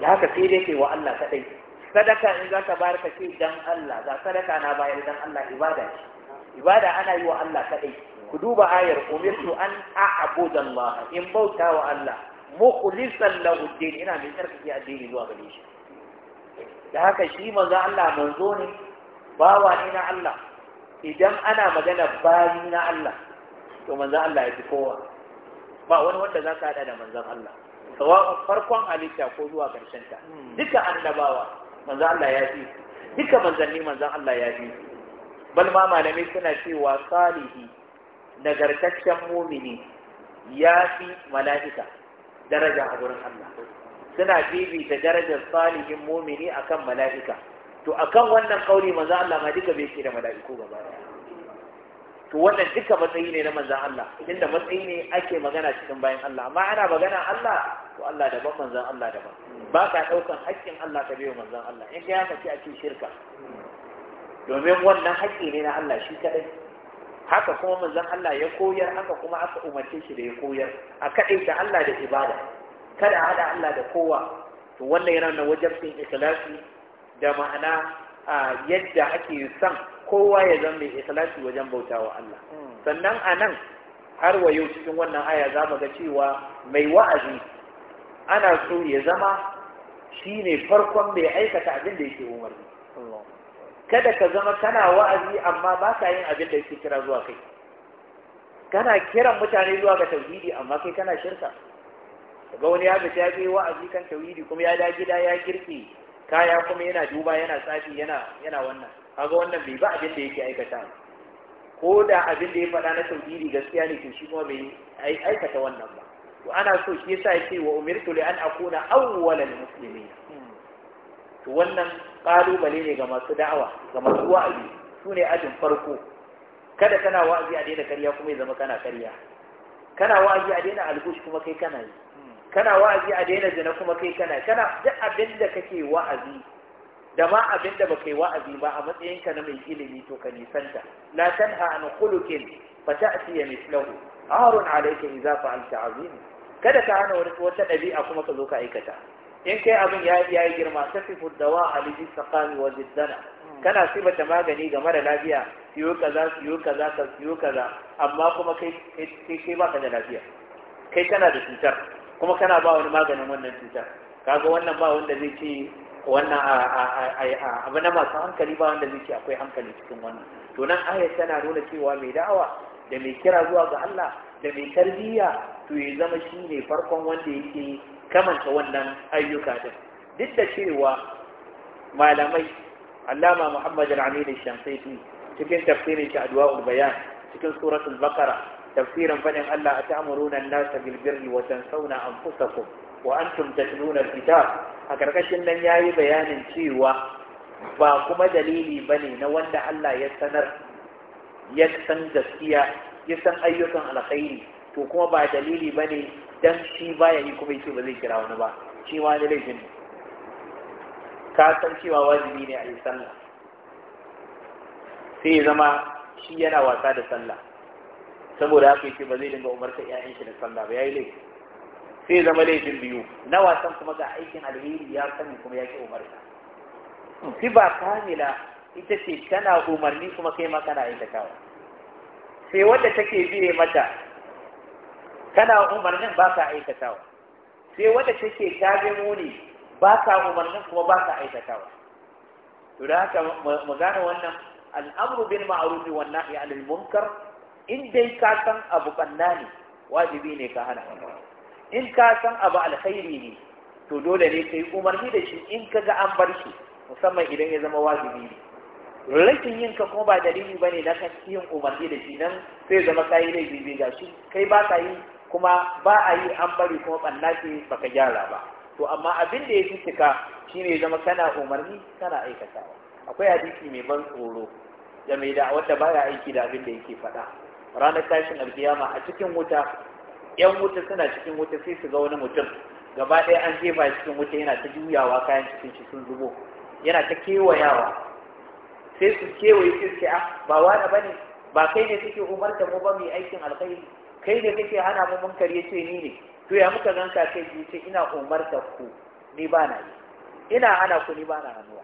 yi da haka sai dai kai wa Allah kaɗai sadaka in za ka bayar ka ce don Allah za sadaka na bayar don Allah ibada ce ibada ana yi wa Allah kaɗai ku duba ayar umirtu an a'budu Allah in bauta wa Allah mukhlisan lahu din ina mai tsarkake addini zuwa gare shi da haka shi manzo Allah manzo ne bawa ne na Allah idan ana magana bayi na Allah to manzan Allah ya fi kowa ba wani wanda za ka haɗa da manzan Allah sawa'un farkon halitta ko zuwa ƙarshen ta duka annabawa manzan Allah ya fi duka manzanni manzan Allah ya fi bal ma malamai suna cewa salihi nagartaccen mumini ya fi mala'ika daraja a gurin Allah suna da darajar salihin mumini akan mala'ika to akan wannan kauri manzan Allah ma duka bai ce da mala'iku gaba daya to wannan duka matsayi ne na manzan Allah inda matsayi ne ake magana cikin bayan Allah amma ana magana Allah to Allah daban manzan Allah daban ba ka ɗaukan haƙƙin Allah ka biyo manzan Allah in ka yaka ce a ce shirka domin wannan haƙƙi ne na Allah shi kaɗai haka kuma manzan Allah ya koyar haka kuma aka umarce shi da ya koyar a ta Allah da ibada kada a haɗa Allah da kowa to wannan yana na wajabcin ikhlasi da ma'ana yadda ake son kowa ya zama mai ikhlasi wajen bautawa Allah sannan a nan har wa cikin wannan aya za mu ga cewa mai wa'azi ana so ya zama shine farkon mai aikata abin da yake umarni kada ka zama kana wa'azi amma ba ka yin abin da yake kira zuwa kai kana kiran mutane zuwa ga tauhidi amma kai kana shirka ga wani ya fita ya je wa'azi kan tauhidi kuma ya da gida ya girki kaya kuma yana duba yana tsafi yana yana wannan kaga wannan bai ba abin da yake aikata ko da abin da ya faɗa na tauhidi gaskiya ne to shi kuma bai aikata wannan ba to ana so shi yasa yake wa umirtu li an akuna awwalal muslimin to wannan kalubale ne ga masu da'awa ga masu wa'azi su ne ajin farko kada kana wa'azi a daina karya kuma ya zama kana karya kana wa'azi a daina algush kuma kai kana yi hmm. kana wa'azi a daina zina kuma kai kana kana duk abin da kake wa'azi da ma abin da baka yi wa'azi ba a matsayinka na mai ilimi to ka nisanta la tanha an khuluqin fa ta'ti mislahu arun alayka idza fa'alta azim kada ka hana wani wata dabi'a kuma ka zo ka aikata in kai abin ya yayi girma tasifu dawa alidi saqami wa jiddana kana sibata magani ga mara lafiya siyo kaza siyo kaza ka siyo kaza amma kuma kai kai kai baka da lafiya kai kana da cutar kuma kana ba wani maganin wannan cutar kaga wannan ba wanda zai ce wannan abu na masu hankali ba wanda zai ce akwai hankali cikin wannan to nan ayat tana nuna cewa mai da'awa da mai kira zuwa ga Allah da mai tarbiyya to ya zama shi ne farkon wanda yake kamanta wannan ayyuka din duk da cewa malamai allama muhammad al-amin shamsaiti cikin tafsirin shi adwa'ul bayan cikin suratul baqara tafsirin fadin Allah ata'muruna an-nasa bil birri wa tansawna anfusakum wa antum tatluna al-kitab a ƙarƙashin nan ya yi bayanin cewa ba kuma dalili ba ne na wanda Allah ya sanar ya san gaskiya ya san ayyukan alkhairi to kuma ba dalili ba ne don shi baya yi kuma yake ba zai kira wani ba shi ma wani laifin ne. ka san cewa wajibi ne a yi sallah sai ya zama shi yana wasa da sallah saboda haka yake ba zai dinga umarta 'ya'yan shi da sallah ba ya yi laifi sai zama laifin biyu na wasan kuma ga aikin alheri ya sani kuma ya ki umarta ba kamila ita ce tana umarni kuma kai ma kana aikatawa sai wadda take biye mata kana umarnin ba ka aikatawa sai wadda take tabe muni ba ka umarnin kuma ba ka aikatawa to da haka mu gane wannan al'amru bil ma'ruf wa nahyi 'anil munkar in dai ka san abu kanna ne wajibi ne ka hana in ka san abu alkhairi ne to dole ne ka umarni da shi in ka ga an bar shi musamman idan ya zama wajibi ne rashin yin ka kuma ba dalili ba ne na kan yin umarni da shi nan sai zama kayi ne laifi ga gashi kai ba ka yi kuma ba a yi an bari kuma ɓanna ce baka gyara ba to amma abin da ya fi cika shine zama kana umarni kana aikatawa akwai hadisi mai ban tsoro da mai da wanda baya aiki da abin da yake faɗa ranar tashin alkiyama a cikin wuta yan wuta suna cikin wuta sai su ga wani mutum gaba ɗaya an jefa cikin wuta yana ta juyawa kayan cikin shi sun zubo yana ta kewayawa sai su kewaye sai su ah ba wani ne ba kai ne kake umarta mu ba mu aikin alkhairi kai ne kake hana mu munkari ce ni ne to ya muka ganka kai ji ce ina umarta ku ni ba na yi ina hana ku ni ba na hannuwa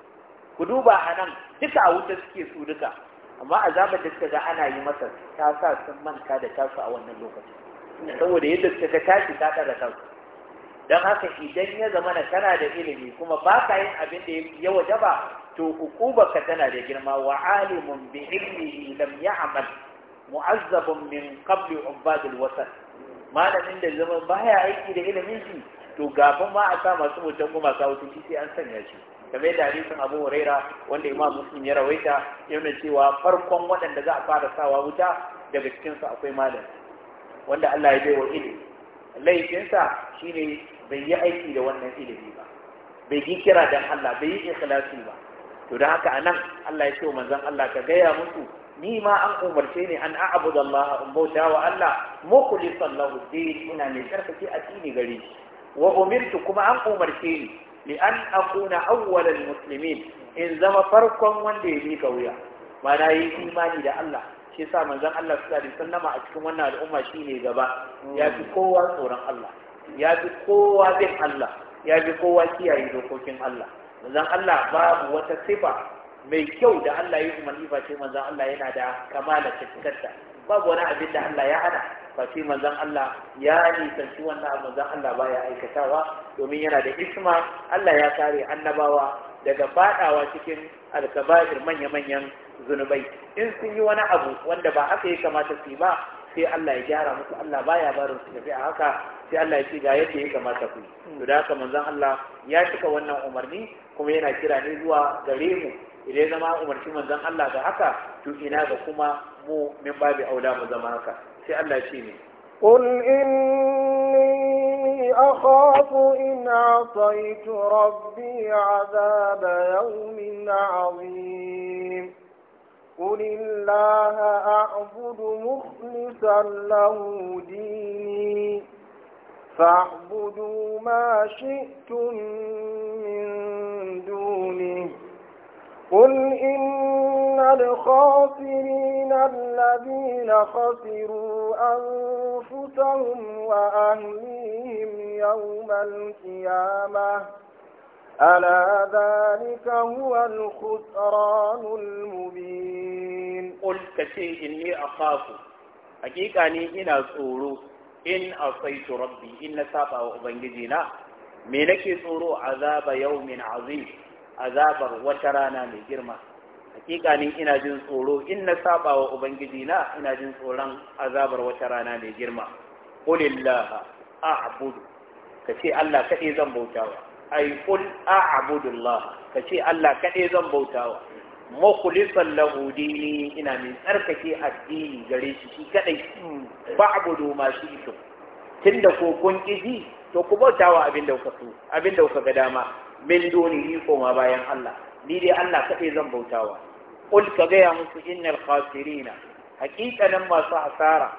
ku duba a nan duka a wuta suke su duka amma azabar da suka ga ana yi masa ta sa sun manta da tasu a wannan lokacin saboda yadda suka tashi ta ɗara kansu don haka idan ya zama na tana da ilimi kuma ba ka yin abin da ya waje ba to hukubarka tana da girma wa alimun bi ilmihi lam amal mu'azzabun min qabli ubadil wasan malamin da zama baya aiki da ilimin shi to gafin ma a sa masu mutum kuma sa wuce sai an sanya shi kamar yadda hadisin Abu Huraira wanda Imam Muslim ya rawaita yana cewa farkon waɗanda za a fara sawa wuta daga cikinsu akwai malam. wanda Allah ya bai wa ilimi laifinsa shine bai yi aiki da wannan ilimi ba bai yi kira dan Allah bai yi ikhlasi ba to da haka anan Allah ya ce manzon Allah ka gaya musu ni ma an umarce ni an a'budu Allah in bauta wa Allah mukhlishan lahu din ina mai karfafi addini gare shi wa umirtu kuma an umarce ni li an akuna awwalal muslimin in zama farkon wanda ya bi wuya ma na yi imani da Allah shi yasa manzon Allah sallallahu alaihi wasallama a cikin wannan al'umma shi ne gaba mm. ya fi kowa tsoron Allah ya fi kowa bin Allah ya fi kowa kiyaye dokokin Allah manzon Allah babu wata sifa mai kyau da Allah ya yi umarni ba ce manzon Allah yana da kamala cikakka babu wani abin da Allah ya hana ba ce manzon Allah ya nisanci wannan abu manzon Allah ba ya aikatawa domin yana da isma. Allah ya kare annabawa daga fadawa cikin alkabair manya-manyan zunubai in sun yi wani abu wanda ba haka ya kamata su ba sai Allah ya gyara musu Allah baya barin su a haka sai Allah ya ce ga yadda ya kamata ku hmm. to da haka manzon Allah ya cika wannan umarni kuma yana kira ne zuwa gare mu idan zama umarci manzon Allah ga haka to ina ga kuma mu min babu aula mu zama haka sai Allah ya ce ne قل إني أخاف إن عصيت ربي عذاب يوم عظيم قل الله أعبد مخلصا له ديني فاعبدوا ما شئتم من دونه قل إن الخاسرين الذين خسروا أنفسهم وأهليهم يوم القيامة ألا ذلك هو الخسران المبين قل كشيء إني أخاف حقيقة إن أصور إن أصيت ربي إن سابع أبنجزنا منك صور عذاب يوم عظيم عذاب وترانا من جرمه hakika ni ina jin tsoro in na saba wa ubangiji na ina jin tsoron azabar wata rana mai girma qulillah a'budu kace Allah kaɗai zan bautawa ay qul Ka kace Allah kaɗai zan bautawa mukhlisan lahu dini ina mai tsarkake addini gare shi shi kadai fa'budu ma shi ito tunda ko kun kiji to ku bautawa abin da so abin da kuka ga dama min doni ni koma bayan Allah ni dai Allah kaɗai zan bautawa qul ka ga ya musu innal khasirina haqiqatan masu hasara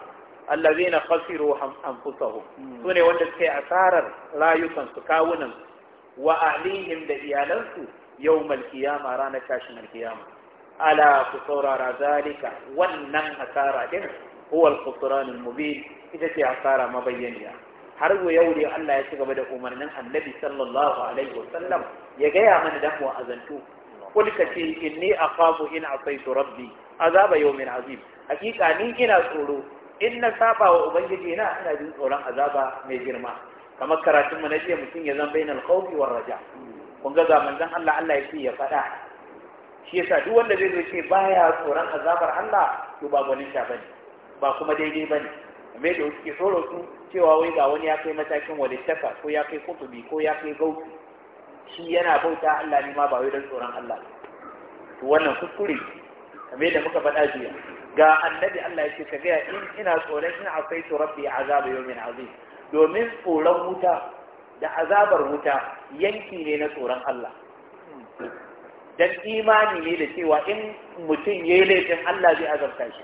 allazina khasiru anfusahum sune wanda suke yi asarar rayukan su kawunan wa alihim da iyalansu yau malkiyama ranar tashi alqiyama ala ku saurara zalika wannan hasara din huwa al mubin ita ce hasara mabayyaniya har wa yau ne Allah ya ci gaba da umarnin Annabi sallallahu alaihi wasallam ya gaya mana dan mu azantu kul kace inni akhafu in asaitu rabbi azaba yawmin azim hakika ni ina tsoro in na saba wa ubangiji na ina jin tsoron azaba mai girma kamar karatun mu na jiya mutum ya zan bainal khawfi war raja kun ga ga manzon Allah Allah ya ce ya faɗa shi yasa duk wanda zai zo ce baya tsoron azabar Allah to ba gwanin sha bane ba kuma daidai bane amma da suke tsoro su cewa wai ga wani ya kai matakin walittafa ko ya kai kutubi ko ya kai gauti shi yana bauta Allah ne ma ba wai don tsoron Allah to wannan kuskure kamar da muka faɗa jiya ga annabi Allah ya ce ka ga in ina tsoron in akwai to rabbi azaba yawmin azim domin tsoron wuta da azabar wuta yanki ne na tsoron Allah Don imani ne da cewa in mutum ya yi laifin Allah zai azabta shi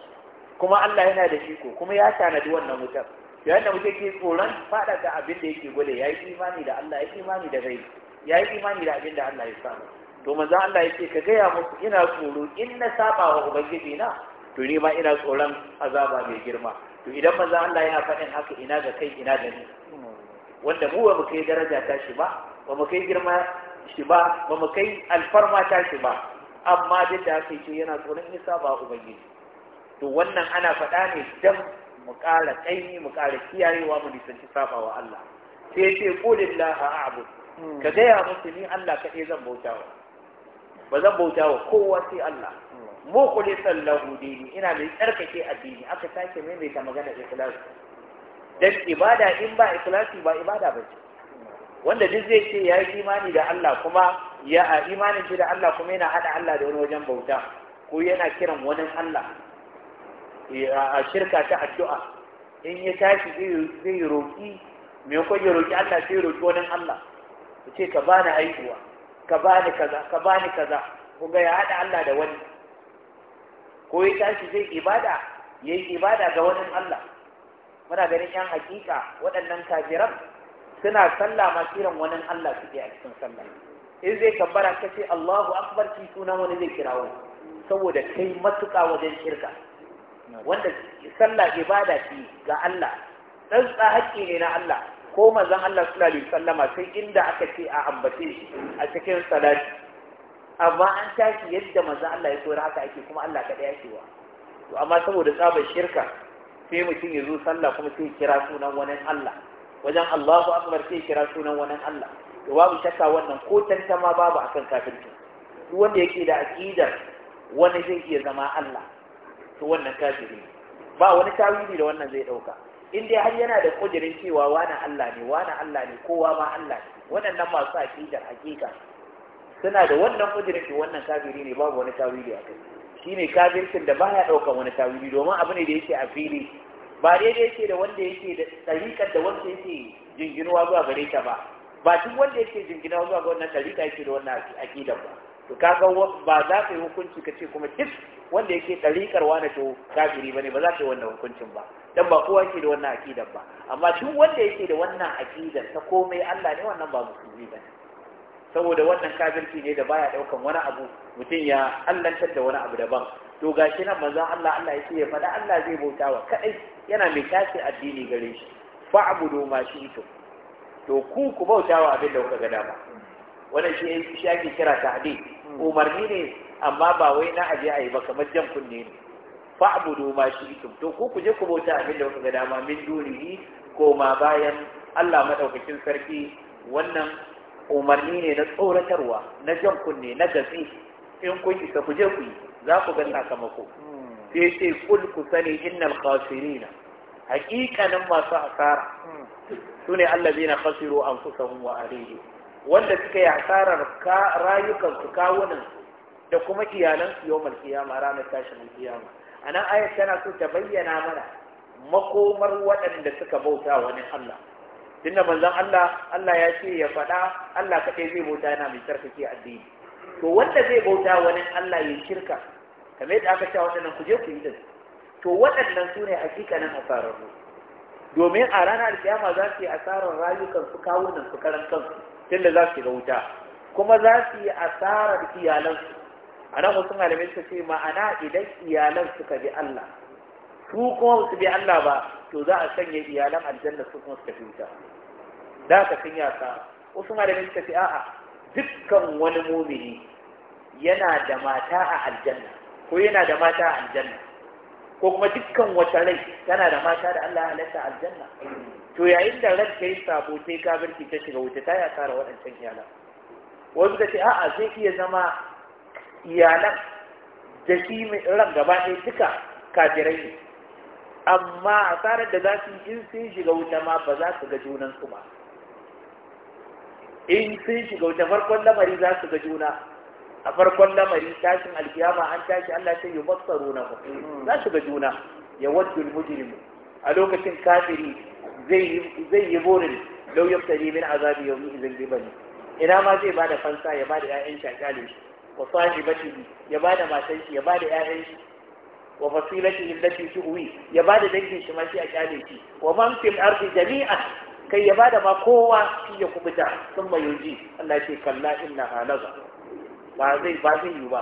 kuma Allah yana da shi ko kuma ya tanadi wannan wutar yayin da mutum ke tsoron fada da abin da yake ya yayi imani da Allah yayi imani da gai yayi imani da abin da Allah ya samu to manzo Allah yake ka gaya musu ina tsoro in na saba wa ubangiji na to ne ma ina tsoron azaba mai girma to idan maza Allah yana faɗin haka ina ga kai ina ga ni wanda mu ba mu kai daraja ta shi ba ba mu kai girma shi ba ba mu kai alfarma ta shi ba amma duk da haka ce yana tsoron isa ba ubangiji to wannan ana faɗa ne dan mu ƙara kaini mu ƙara kiyayewa mu nisanci saba wa Allah sai ce qulillahi a'bud hmm. ka gaya musu ni Allah kaɗai zan bautawa ba zan bautawa kowa sai Allah mukhlisan lahu dini ina mai tsarkake addini aka sake maimaita magana ikhlas dan ibada in ba ikhlasi ba ibada ba ce wanda duk zai ce ya yi imani da Allah kuma ya a imanin shi da Allah kuma yana hada Allah da wani wajen bauta ko yana kiran wani Allah a shirka ta addu'a in ya tashi zai roƙi me ko ya roƙi Allah sai roƙi wani Allah ya ce ka bani aihuwa ka bani kaza ka bani kaza ko ga ya hada Allah da wani ko ya tashi zai ibada ya yi ibada ga wani Allah muna ganin yan hakika waɗannan kafiran suna sallah ma kiran wani Allah suke a cikin sallah in zai kabbara ka ce Allahu akbar ki sunan wani zai kira wani saboda kai matuƙa wajen shirka wanda sallah ibada ce ga Allah dan tsa haƙƙi ne na Allah ko manzon Allah sallallahu alaihi wasallama sai inda aka ce a ambace shi a cikin salati amma an tashi yadda Maza Allah ya koyar haka ake kuma Allah kaɗai ya cewa. to amma saboda tsabar shirka sai mutum ya zo sallah kuma sai kira sunan wani Allah wajen Allahu akbar sai kira sunan wani Allah to babu shakka wannan ko tantama babu akan kafirci duk wanda yake da aqida wani zai iya zama Allah to wannan kafiri ba wani tawili da wannan zai dauka in dai har yana da kudirin cewa wani Allah ne wani Allah ne kowa ma Allah ne waɗannan masu aqidar hakika Suna da wannan ujirin to wannan kafiri ne babu wani tawili Shi ne kafircin da ba ya ɗaukan wani tawili domin abu ne da yake a fili ba daidai yake da wanda yake da tsarikar da wanda yake jinginuwa zuwa gare ta ba ba duk wanda yake jinginuwa zuwa ga wannan tsarika yake da wannan aqidar ba to kaga ba za ka yi hukunci ka ce kuma duk wanda yake tsarikar wani to kafiri ne, ba za ka yi wannan hukuncin ba dan ba kowa yake da wannan aqidar ba amma duk wanda yake da wannan aqidar ta komai Allah ne wannan ba musulmi bane saboda wannan kafirci ne da baya daukan wani abu mutum ya allantar da wani abu daban to gashi nan manzon Allah Allah ya ce ya fada Allah zai bauta wa kadai yana mai tashi addini gare shi fa'budu ma shi'tum to ku ku bauta wa abin da kuka ga dama wannan shi shi ake kira hadi hmm. umarni ne amma ba wai na aje ayi ba kamar jan kunne ne fa'budu ma shi'tum to ku ku je ku bauta abin da kuka ga dama min dunihi ko ma bayan Allah madaukakin sarki wannan umarni ne na tsoratarwa na jan kunne na gafi in kun isa ku je ku yi za ku ga sakamako sai ce kul ku sani innal khasirina haƙiƙanin masu asara su ne allazina khasiru anfusahum wa ahlihim wanda suka yi asarar rayukansu kawunan da kuma iyalansu yawmal qiyama ranar tashin qiyama anan ayat tana so ta bayyana mana makomar waɗanda suka bauta wani Allah tunda manzon Allah Allah ya ce ya faɗa Allah kaɗai zai bauta yana mai tsarkake addini to wanda zai bauta wani Allah ya shirka kamar yadda aka cewa waɗannan kuje ku yi din to waɗannan su ne hakikanin asararru domin a ranar alkiyama za su yi asarar rayukan su nan su karan kansu tunda za su shiga wuta kuma za su yi asarar iyalansu a nan wasu malamai suka ce ma'ana idan iyalan suka bi Allah su kuma su bi Allah ba to za a sanya iyalan aljanna su kuma suka fi wuta da ka sun ya sa wasu malamai suka ce a'a dukkan wani mumini yana da mata a aljanna ko yana da mata a aljanna ko kuma dukkan wata rai tana da mata da Allah halatta aljanna to yayin da ran kai sabo sai kafirci ta shiga wuta ta ya tsara waɗancan iyalan wasu da ce a'a zai iya zama iyalan da shi ran gaba ɗaya duka kafirai ne amma a tsarar da za su yi in sun shiga wuta ma ba za su ga junansu ba in sun shiga wata farkon lamari za su ga juna a farkon lamari tashin alkiyama an tashi Allah sai ya basaro na za su ga juna ya wajen mujirin a lokacin kafiri zai yi burin lauyar tare min azabi yawmi zai bibani ina ma zai bada fansa ya bada ƴaƴan shakale shi wa sahibatihi ya bada matan shi ya bada ƴaƴan shi wa fasilatihi allati tuwi ya bada dangin shi ma shi a kyale shi wa man fil ardi jami'an kai ya bada ma kowa shi ya kubuta sun mai yuji Allah ce kalla inna halaza ba zai ba zai yi ba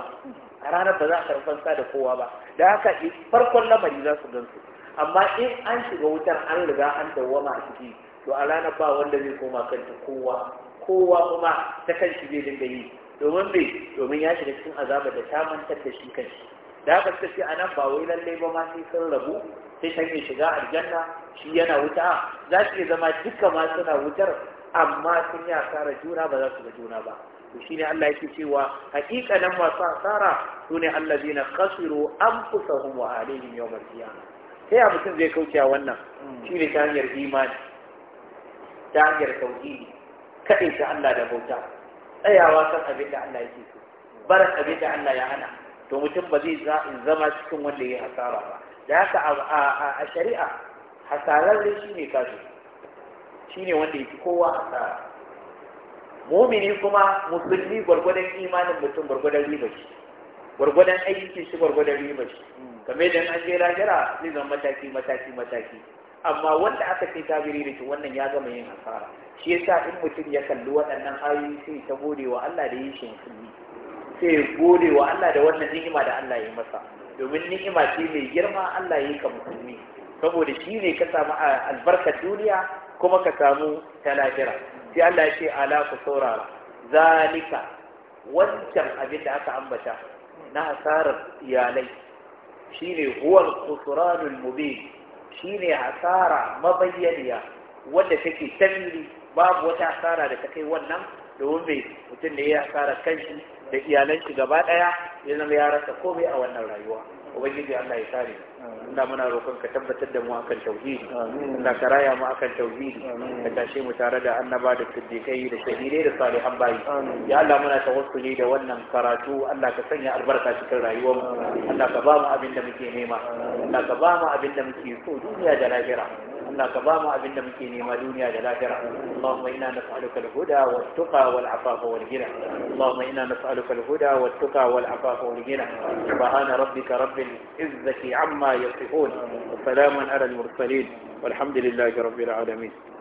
a ranar ba za a karfan sa da kowa ba da haka farkon lamari za su gansu amma in an shiga wutar an riga an dawwama a ciki to a ranar ba wanda zai koma kanta kowa kowa kuma ta kan shi zai dinga yi domin bai domin ya shiga cikin azaba da ta mantar da shi kanshi da haka suka ce a nan ba wai lallai ba ma sai sun rabu sai kan shiga aljanna shi yana wuta za su iya zama duka ma suna wutar amma sun yi asara juna ba za su ga juna ba to shine Allah yake cewa haƙiƙanin masu asara sune allazina khasiru anfusahum wa alaihim yawmal qiyamah Ta a mutum zai kauce a wannan hmm. shine ta hanyar imani ta hanyar tauhidi kaɗai ta Allah da bauta tsayawa kan abin da Allah yake so barin abin da Allah ya hana to mutum ba zai zama cikin wanda ya yi hasara ba da haka a shari'a hasararre shi ne kafiri shi ne wanda ya fi kowa hasara mumini kuma musulmi gwargwadon imanin mutum gwargwadon riba shi gwargwadon aiki shi gwargwadon riba shi game da an jera jira zai zama mataki mataki mataki amma wanda aka ce kafiri da shi wannan ya gama yin hasara shi yasa in mutum ya kalli waɗannan ayoyi sai ta gode wa Allah da yin shi sai sai gode wa Allah da wannan ni'ima da Allah ya yi masa domin ni'ima ce mai girma Allah ya yi ka musulmi saboda shi ne ka samu albarkar duniya kuma ka samu ta lafira. sai Allah ya ce ala ku saurara zalika wancan abin da aka ambata na hasarar iyalai shine huwal khusranul Shi shine hasara mabayyaniya wanda take tamiri babu wata hasara da ta kai wannan domin mai mutum ne ya hasara kanshi da iyalanshi gaba daya ya zama ya rasa komai a wannan rayuwa ubangiji Allah ya sare Allah muna roƙon ka tabbatar da mu akan tauhidi Allah ka raya mu akan tauhidi ka tashe mu tare da annaba da siddiqai da shahidai da salihan bayi ya Allah muna tawassuli da wannan karatu Allah ka sanya albarka cikin rayuwar mu Allah ka ba mu abin da muke nema Allah ka ba mu abin da muke so duniya da lahira Allah ka ba mu abin da muke nema duniya da lahira Allahumma inna nas'aluka al-huda wat-tuqa wal-afafa wal-ghina Allahumma inna nas'aluka al-huda wat-tuqa wal-afafa wal-ghina subhana rabbika rabbil izzati amma yasifun wa salamun ala al-mursalin والحمد لله رب العالمين